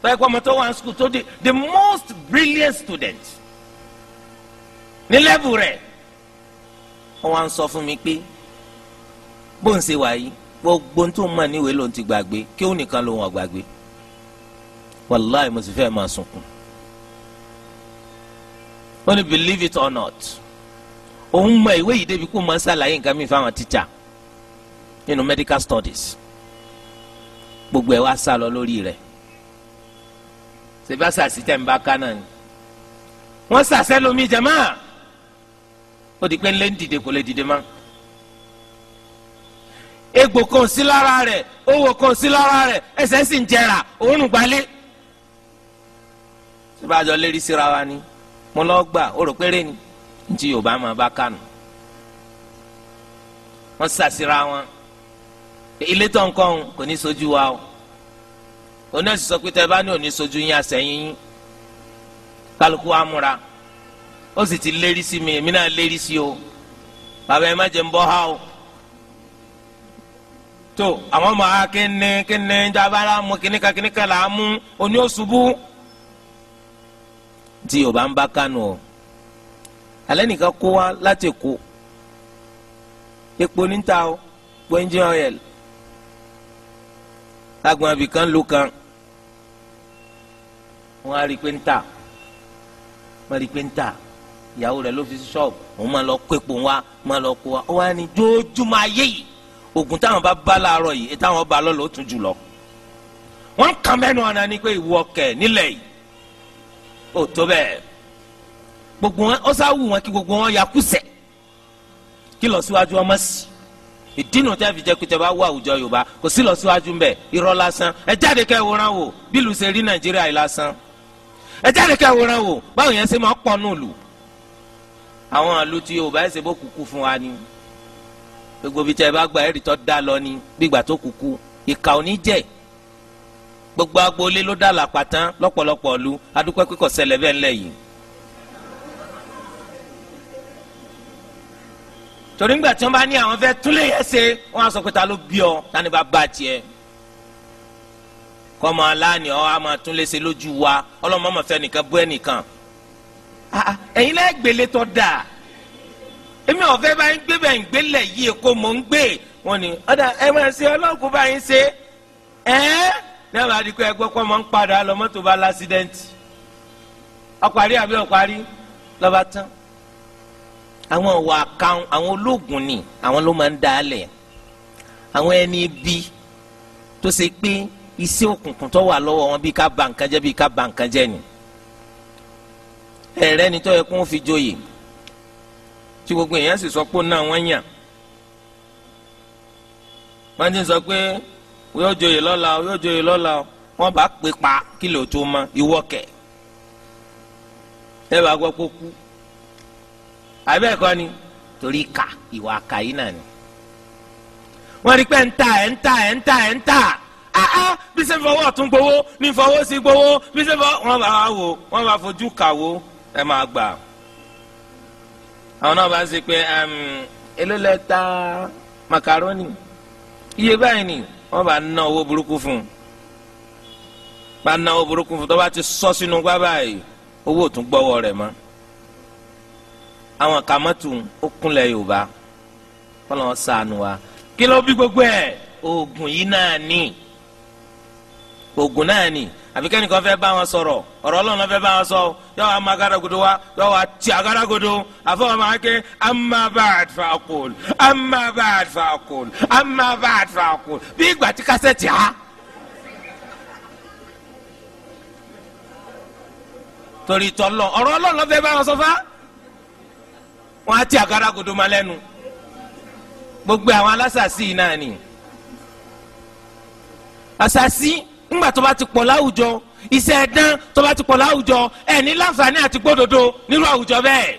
Speaker 1: tọ́ ẹ̀kọ́ ọmọ tó wà ní school tó di the most brilliant student ní lẹ́bù rẹ̀ wọ́n wá ń sọ fún mi pé bó ń ṣe wà gbogbo tó ń mọ̀ níwèé ló ń ti gbàgbé kí ó nìkan ló ń wọ̀ gbàgbé wàláì mo sì fẹ́ máa sunkún ó ní believe it or not òun mọ ìwé yìí débi kó máa ń ṣàlàyé nǹkan mi fáwọn tíjà nínú medical studies gbogbo ẹ̀ wá sá lọ lórí rẹ̀ sebasa sitẹ ń bá kánà ni wọ́n sàṣẹ lomi jama ó di pé ńlẹ́ ń dìde kò lè dìde mọ́ egbò kan sí lára rẹ̀ owó kan sí lára rẹ̀ ẹsẹ̀ sì ń jẹrà òórùn gbalẹ̀ sebájọ lérí síra wa ni mo lọ gbà ó rò péré ni ntí yorùbá máa bá kánú wọ́n sàṣìra wọn ilé tó ń kọ́ kò ní sojú wa o oní ọ̀sìn sọ pé tẹ́ ní òní sojú yín àsẹ̀yìn yín kálukú wa ó sì ti lérí sí mi èmi náà lérí sí o bàbá ẹ má jẹ́ ń bọ́ ha o tó àwọn ọmọ akínní kínní jábára mú kíníkà kíníkà là á mú oní òṣùbù tí yorùbá ń bá kánú o alẹ́ nìkan kó wá láti èkó epo níta o epo engine oil agbọn abìkan ló kan wọn á rí i pé ń ta wọn á rí i pé ń ta ìyàwó rẹ̀ ló fi sí òun máa lọ kó epo wá máa lọ kó wá ó wá ní jójúmọ́ ayé yìí oògùn táwọn bá bá láàárọ̀ yìí táwọn bá lọ́lọ́ ó tún jù lọ wọ́n kàn mẹ́nu ọ̀nà ni pé ìwọ kẹ̀ nílẹ̀ yìí ò tó bẹ́ẹ̀ gbogbo wọn ọsà wù wọn kí gbogbo wọn ya kúsẹ̀ kí lọ síwájú ọmọ sí ìdínà tẹ́ fi jẹ́ pé tẹ́ bá wọ àwùjọ yorùbá kò sí lọ síwájú ń bẹ̀ irọ́ lásán ẹ jáde kẹ́ wòran wò bílù ṣe rí nàìjíríà yìí lásán ẹ jáde kẹ́ wòran wò báwo yẹn ṣe máa pọnú lù àwọn àlù tí yorùbá ẹ̀ ṣe bó kúkú fún wa ni gbogbo bí tẹ́ bá gba ẹ̀rì dá lọ ni gbígbà tó kúkú ìkà òní jẹ́ gbogbo agboolé ló dà làpà tán lọ́pọ̀lọpọ̀ lu adúpẹ́ pé kò ṣẹlẹ̀ bẹ́ẹ̀ ńlẹ̀ yìí. torí ńgbà tí wọ́n bá ní àwọn fẹ́ túlẹ̀ yẹn ṣe wọ́n á sọ pé ta ló bí ọ tani bá bá tiẹ̀ kọ́mọ aláàní ọ á máa túnlẹ̀ ṣe lójú wa ọlọ́mọ máa fẹ́ nìkan bú ẹnìkan ah, ah, ẹ̀yin lẹ́ẹ̀ gbélé tó dáa èmi ọ̀fẹ́ bá ń gbé bẹ́ẹ̀ ń gbélé yìí èkó mò ń gbé wọn ni ọ̀dà ẹ máa ṣe ọlọ́ọ̀kú bá yín ṣe ẹ́ẹ́ lẹ́yìn bá di pé ẹgbẹ́ kọ́ mọ́ ń padà lọ mọ́tò bá lásìdẹ́ǹtì ọparí àbí ọparí lọ́ba tán àwọn ìwà kan àwọn ológun ni àwọn ló máa ń dá lẹ̀ àwọn ẹni bí tó ṣe pé iṣẹ́ òkùnkùn tó wà lọ́wọ́ wọn bí ká ba nǹkan jẹ́ bí ká ba nǹkan jẹ́ ni ẹ̀rẹ́ ni tó yẹ kó fi joyè tí gbogbo èèyàn sì sọ pé náà wọ́n yàn wọ́n ti sọ pé yóò joyè lọ́la o yóò joyè lọ́la o wọ́n bá pè pa kí ló tó mọ ìwọ kẹ̀ ẹ bá gbọ́ pé kú àbẹ́ ẹ̀kọ́ ni torí ka ìwà àkàyí náà ni wọ́n rí pé ń ta ẹ̀ ń ta ẹ̀ ń ta ẹ̀ ń bí sẹ́ fọwọ́ ọ̀tún gbowó ní fọwọ́ sí gbowó bí sẹ́ fọwọ́ wọ́n bá wò wọ́n bá fojú kà wò ẹ máa gbà àwọn náà bá ṣe pé elólẹ́ta macaroni iye báyìí nìyí wọ́n bá ná owó burúkú fún un bá ná owó burúkú fún un tó bá ti sọ sínú gbábà yìí owó ò tún gbọ́wọ́ rẹ̀ mọ́ àwọn kàmọ́tù ó yorùbá kọ́lọ́ sànù wa kí ló bí gbogbo ẹ̀ oògùn yìí náà ní oògùn náà ní àbí kẹ́nìkan fẹ́ bá wọn sọ̀rọ̀ ọ̀rọ̀ ọlọ́run fẹ́ bá wọn sọ yọ wá máa gàdàgodo wa yọ wá ti àgàdàgodo àfọwọ́ máa ké amma ba'd fa aqul amma ba'd fa aqul amma ba'd fa aqul bí ìgbà tí kásẹ̀tì á. torí tọ́lọ̀ ọ̀rọ̀ ọlọ́run fẹ́ bá wọn sọ fá wọn á ti àgàdàgodo máa lẹ́nu gbogbo àwọn alásàásì náà ni àsàásì ńgbà tó bá ti pọ̀ láwùjọ iṣẹ́ ẹ̀dán tó bá ti pọ̀ láwùjọ ẹ̀ ní láǹfààní àti gbódodo nínú àwùjọ bẹ́ẹ̀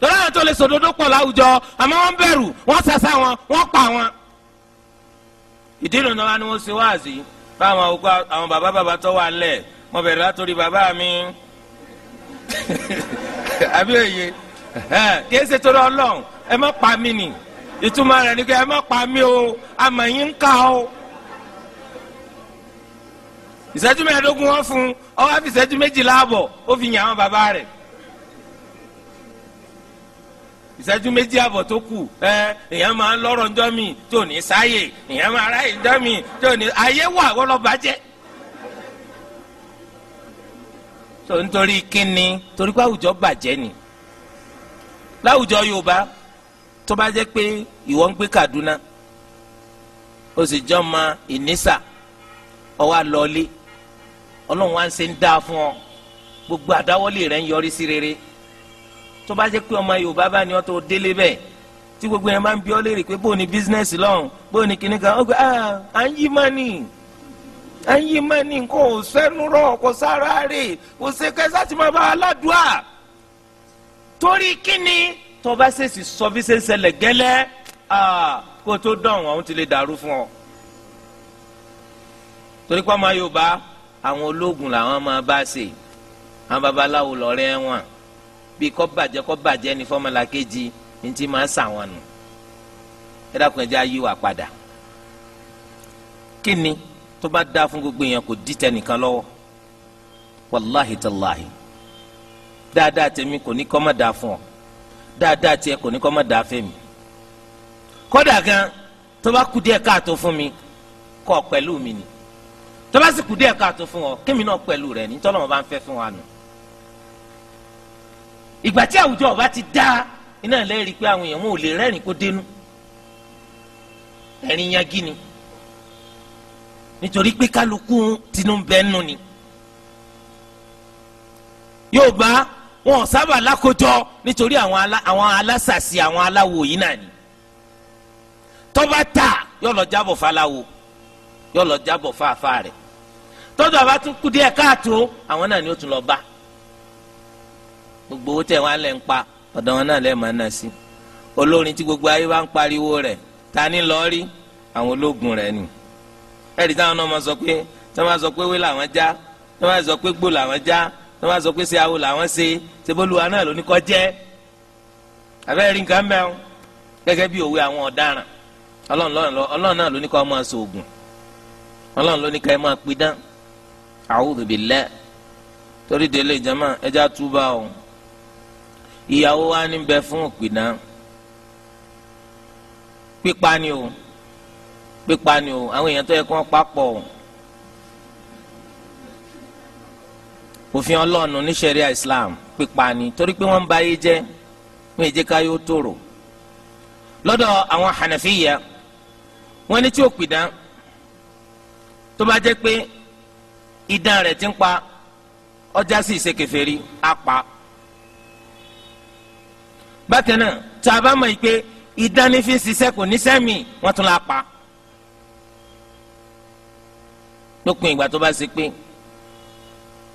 Speaker 1: torí àwọn tó lè sòdodo pọ̀ láwùjọ àmọ́ wọ́n bẹ̀rù wọ́n sàṣà wọn wọ́n pa wọn. ìdí ìrònú wa ni wọ́n ṣe wáàzì fáwọn ogbó àwọn bàbá bàbá tó wà lẹ̀ mo bẹ̀rẹ̀ látòrí bàbá mi àbí òye kì í ṣe torí ọlọ́run ẹ má pa mí ni ìtumọ̀ rẹ̀ ni kí ẹ má pa mí o àmọ̀ yín ń ká o ìṣẹ́jú mẹ́ẹ̀ẹ́dógún wọn fún un ó wá fi ìṣẹ́jú méjìlá àbọ̀ ó fi yàn àwọn bàbá rẹ̀ ìṣẹ́jú méjì àbọ̀ tó kù ẹ èèyàn máa ń lọ́rọ̀ ńjọ́ mi tí ò ní sáyè èèyàn máa ráyè ńjọ́ mi tí ò ní ayé wà wọ́n bàjẹ́. tó nítorí kínni torí pé àwùjọ bàjẹ́ ni láwùjọ Yorùbá tó bá jẹ́ pé ìwọ ń gbé Kaduna ó sì jọ́ ma Ìnísà ọwọ́ àlọ́lé ọlọ́run wá ń ṣe ń dáa fún ọ gbogbo àdáwọ́lé rẹ̀ ń yọrí sí rere tó bá jẹ́ pé ọmọ yorùbá bá ní ọ tó délé bẹ́ẹ̀ tí gbogbo yẹn máa ń bí ọ léèrè pé bóò ní bísínẹ́sì lọ́hùn bóò ní kíní kan ó gbé ah, à ń yí mọ́nì à ń yí mọ́nì nǹkan ò sẹ́nu rọ̀ kò sára rè kò ṣe kẹsà tí máa bá aládùá torí kíni tó bá ṣèṣì sọ bí ṣe ń ṣẹlẹ̀ gẹ́lẹ́ ah, kó tó dọ̀hún àwọn ti lè dàrú fún ọ torí pé ọmọ yorùbá àwọn ológun làwọn máa bá ṣe àwọn babaláwo lọ́rẹ́ wọn bí kọ́ bàjẹ́ kọ́ bàjẹ́ ní fọ́mọlá kejì ní ti máa ṣàwọn nù ẹ dákun ẹ ayé wa padà kí ni tó bá dáa fún gbogbo èèyàn kò dí tẹnìkan lọ́wọ́ wàláhi tàláhi dáadáa tèmi kò ní kọ́ má dáa fún ọ dáadáa tiẹ̀ kò ní kọ́ má dáa fẹ́mi kódà gan tó bá kú díẹ̀ káàtó fún mi kọ́ pẹ̀lú mi ni tó bá sì kù díẹ̀ káàtó fún ọ kémi náà pẹ̀lú rẹ ní tọ́lọ́mọ bá ń fẹ́ fún wa nù. ìgbà tí àwùjọ ọba ti dá iná ìlẹ́rìí pé àwọn èèyàn wọn ò lè rẹ́rìn kó dénú ẹ̀rín yangí ni nítorí pé kálukú tinú bẹ́ẹ̀ nù ni yóò bá wọn ò sábà lákòjọ nítorí àwọn alásàsì àwọn aláwo yìí náà ni tọ́ba ta yóò lọ jábọ̀ fáláwo yóò lọ jábọ̀ fáfá rẹ̀ tọ́jú àbá tún kú díẹ̀ káàtó àwọn náà ni ó tún lọ bá gbogbo owó tẹ̀ wọ́n á lẹ̀ ń pa ọ̀dọ̀ wọn náà lẹ̀ máa ń nà olórin tí gbogbo ayé bá ń pariwo rẹ̀ ta ni lọ́ọ́ rí àwọn ológun rẹ̀ ni ẹ̀rí táwọn náà máa sọ pé tí wọ́n sọ pé wé làwọn já tí wọ́n sọ pé gbó làwọn já sọ pé ṣe awo a'udhu billah torí délé jama ẹja túbà o ìyàwó wa ní bẹ fún òpìdá pípa ni o pípa ni o àwọn èèyàn tó yẹ kó wọn papọ̀ o òfin ọlọ́ọ̀nù ní ṣẹ̀ríà Islam pípa ni torí pé wọ́n ń ba ayé jẹ́ wọ́n èjé ká yóò tòrò lọ́dọ̀ àwọn Hanafiya wọ́n ní tí òpìdá tó bá jẹ́ pé idán rẹ̀ ti ń pa ọjà sì ṣe kèfèrí apá. bákan náà tá a bá mọ̀ pé idán ní fi ń ṣiṣẹ́ kò ní sẹ́mi wọ́n tún la pa. lópin ìgbà tó bá ṣe pé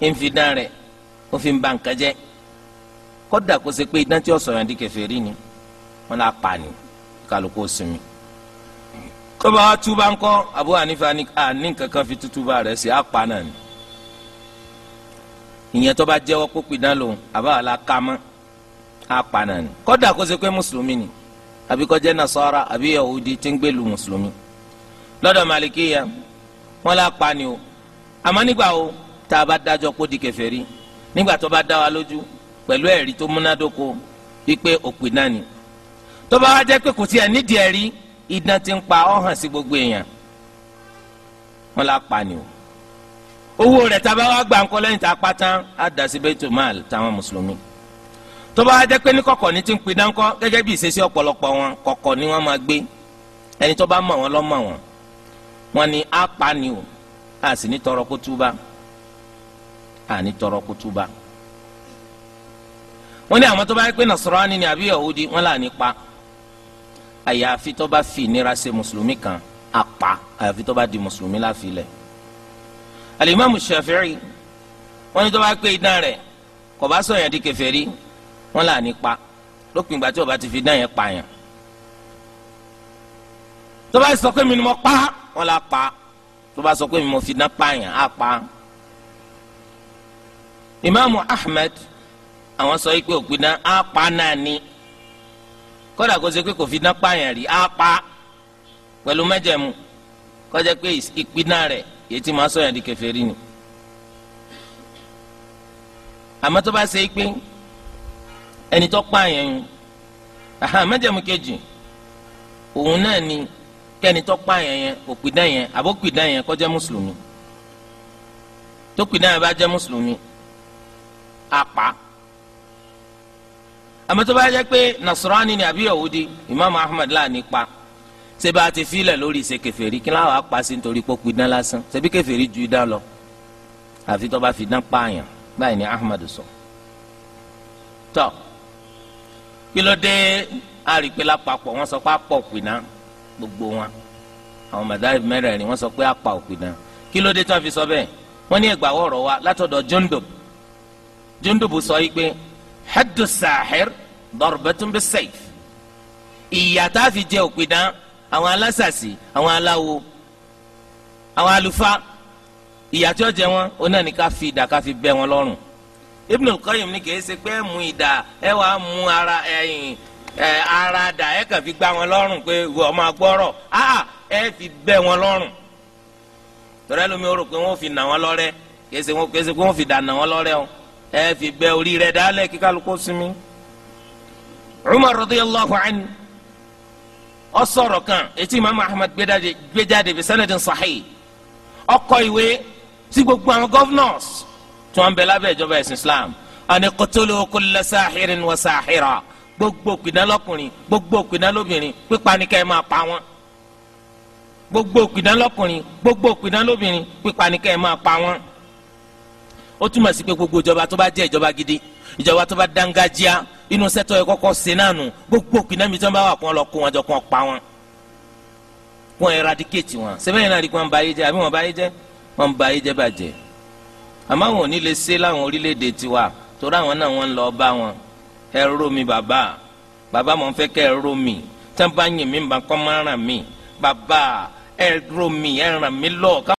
Speaker 1: ń fi idán rẹ̀ ó fi ń ba nǹkan jẹ́ kódà kó ṣe pé idán tí ó sọ̀rọ̀ di kèfèrí ni wọ́n la pa ni kálukú sinmi tó bá túbá ńkọ́ Abu Hanifa ní nǹkan kan fi tútúbá rẹ̀ ṣe apá náà ni ìyẹn tó bá jẹ́wọ́ kó pidán lòun àbá wà la mọ́ apànà ni kódà kó ṣe pé mùsùlùmí ni àbí kó jẹ́ nasara àbí yahudi tí ń gbé lu mùsùlùmí lọ́dọ̀ màlìkíyà wọ́n la pa ni o àmọ́ nígbà wo tá a bá dájọ́ kó di kèfèrí nígbà tó bá dá wa lójú pẹ̀lú ẹ̀rí tó múnádóko wípé òpin náà ni tó bá wá jẹ́ pé kò tiẹ̀ nídìí ẹ̀rí idán ti ń pa ọ́ sí gbogbo èèyàn wọ́n la pa ni o owó rẹ̀ tá a bá wá gbà ńkọ́ lẹ́yìn tá a pa tán á dà sí bẹ́tù máàlì táwọn mùsùlùmí tó bá jẹ́ pé ní kọ̀kọ̀ ní ti ń pidán kọ́ gẹ́gẹ́ bí ìṣesí ọ̀pọ̀lọpọ̀ wọn kọ̀kọ̀ ni wọ́n máa gbé ẹni tó bá mọ̀ wọn lọ́ mọ̀ wọn wọn ni á pa ni o a sì ní tọrọ kó túbà a ní tọrọ kó túbà wọn ní àwọn tó bá yẹ pé Nasrani ni àbí Yahudi wọn là ní pa àyàfi tó bá fi ìnira ṣe mùsùlùmí kan àpá àyàfi tó bá di mùsùlùmí láfi lẹ̀ alimami shafi'i wọ́n ní tó bá pé idán rẹ̀ kò bá sọyàn di kèfèrí wọ́n là ní pa lópin ìgbà tí ó bá ti fi idán yẹn pa yàn tó bá sọ pé mi ni mo pa wọ́n là pa tó bá sọ pé mi mo fi idán pa á pa imaamu ahmed àwọn sọ pé òpin náà á pa náà ni kódà kó ṣe pé kò fi idán pa rí á pa pẹ̀lú mẹ́jẹ̀mú kó pé ìpinná rẹ̀ yìí tí màá sọyàn di kèfèrí ni àmọ́ tó bá ṣe é pé ẹni tó pààyàn yìí àhà mẹjẹmú kejì òun náà ni kẹni tó pààyàn yẹn òpìdán yẹn àbópìdán yẹn kó jẹ́ mùsùlùmí tó pìdán yẹn bá jẹ́ mùsùlùmí àpá àmọ́ tó bá jẹ́ pé nasarani ni àbí yahudi imam ahmed láàánú pa ṣé bá a ti filẹ̀ lórí ìṣe kẹfẹ́rí kí láwọn apàṣẹ nítorí pópin dán lásán ṣebí kẹfẹ́rí ju idán lọ àfi tó bá fi dán pààyàn báyìí ni Ahmad sọ. tọ́ kí ló dé àrípélá papọ̀ wọ́n sọ pé apá òpìnà gbogbo wọn àwọn mọ̀dáì mẹ́rẹ̀ẹ̀rin wọ́n sọ pé apá òpìnà kí ló dé tó fi sọ bẹ́ẹ̀ wọ́n ní ẹgbàá wọ̀rọ̀ wa látọ̀dọ̀ Jundub Jundub sọ yìí pé haddu sahir darbatun bis sayf ìyá fi jẹ òpìnà àwọn alásàsì àwọn aláwo àwọn alufa, ìyà tí ó jẹ wọn ó náà ní ká fi ìdà ká fi bẹ́ wọn lọ́rùn Ibn al ni kìí ṣe pé ịda, mú ìdà ẹ ara ẹyìn ẹ ara dà ẹ kàn fi gbá wọn lọ́rùn pé wọ́n máa gbọ́rọ̀ á ẹ fi bẹ́ wọn lọ́rùn tọ́lá lómi ó pé wọ́n fi nà lọ́rẹ́ kìí ṣe wọ́n kìí ṣe wọ́n fi dà fi orí dálẹ̀ Umar radiyallahu ọsọ̀rọ̀ kan etí imaamu ahmed gbé jáde bí sanadin sahih ọkọ ìwé sí gbogbo àwọn governors tí wọ́n ń bẹ lábẹ́ ìjọba ẹ̀sìn islam àni qutulu kulla sahirin wa sahira gbogbo òpinna lọ́kùnrin gbogbo òpinna lóbìnrin pípa ni kẹ́ ẹ máa pa wọ́n gbogbo òpinna gbogbo òpinna lóbìnrin máa pa wọ́n ó túmọ̀ sí pé gbogbo ìjọba tó bá jẹ́ ìjọba gidi ìjọba tó bá dángájíá inú sẹ́tọ̀ yẹ kọ́kọ́ ṣe náà nù gbogbo pìnàmì tó ń bá wà kó lọ kó wọn jọ kó pa wọn kó wọn eradicate wọn sẹ́fẹ̀yìn náà rí kó wọn ba ayé jẹ àbí wọn ba ayé jẹ wọn ba ayé jẹ bàjẹ́ àmọ́ àwọn ò ní lè ṣe láwọn orílẹ̀-èdè tiwa torí àwọn náà wọ́n lọ bá wọn ẹ ró mi bàbá bàbá mọ̀ ń fẹ́ kẹ́ ẹ ró mi tẹ́ ń bá yìn mí bá kọ́ máa ràn mí bàbá ẹ ró mi ẹ ràn mí lọ́ọ̀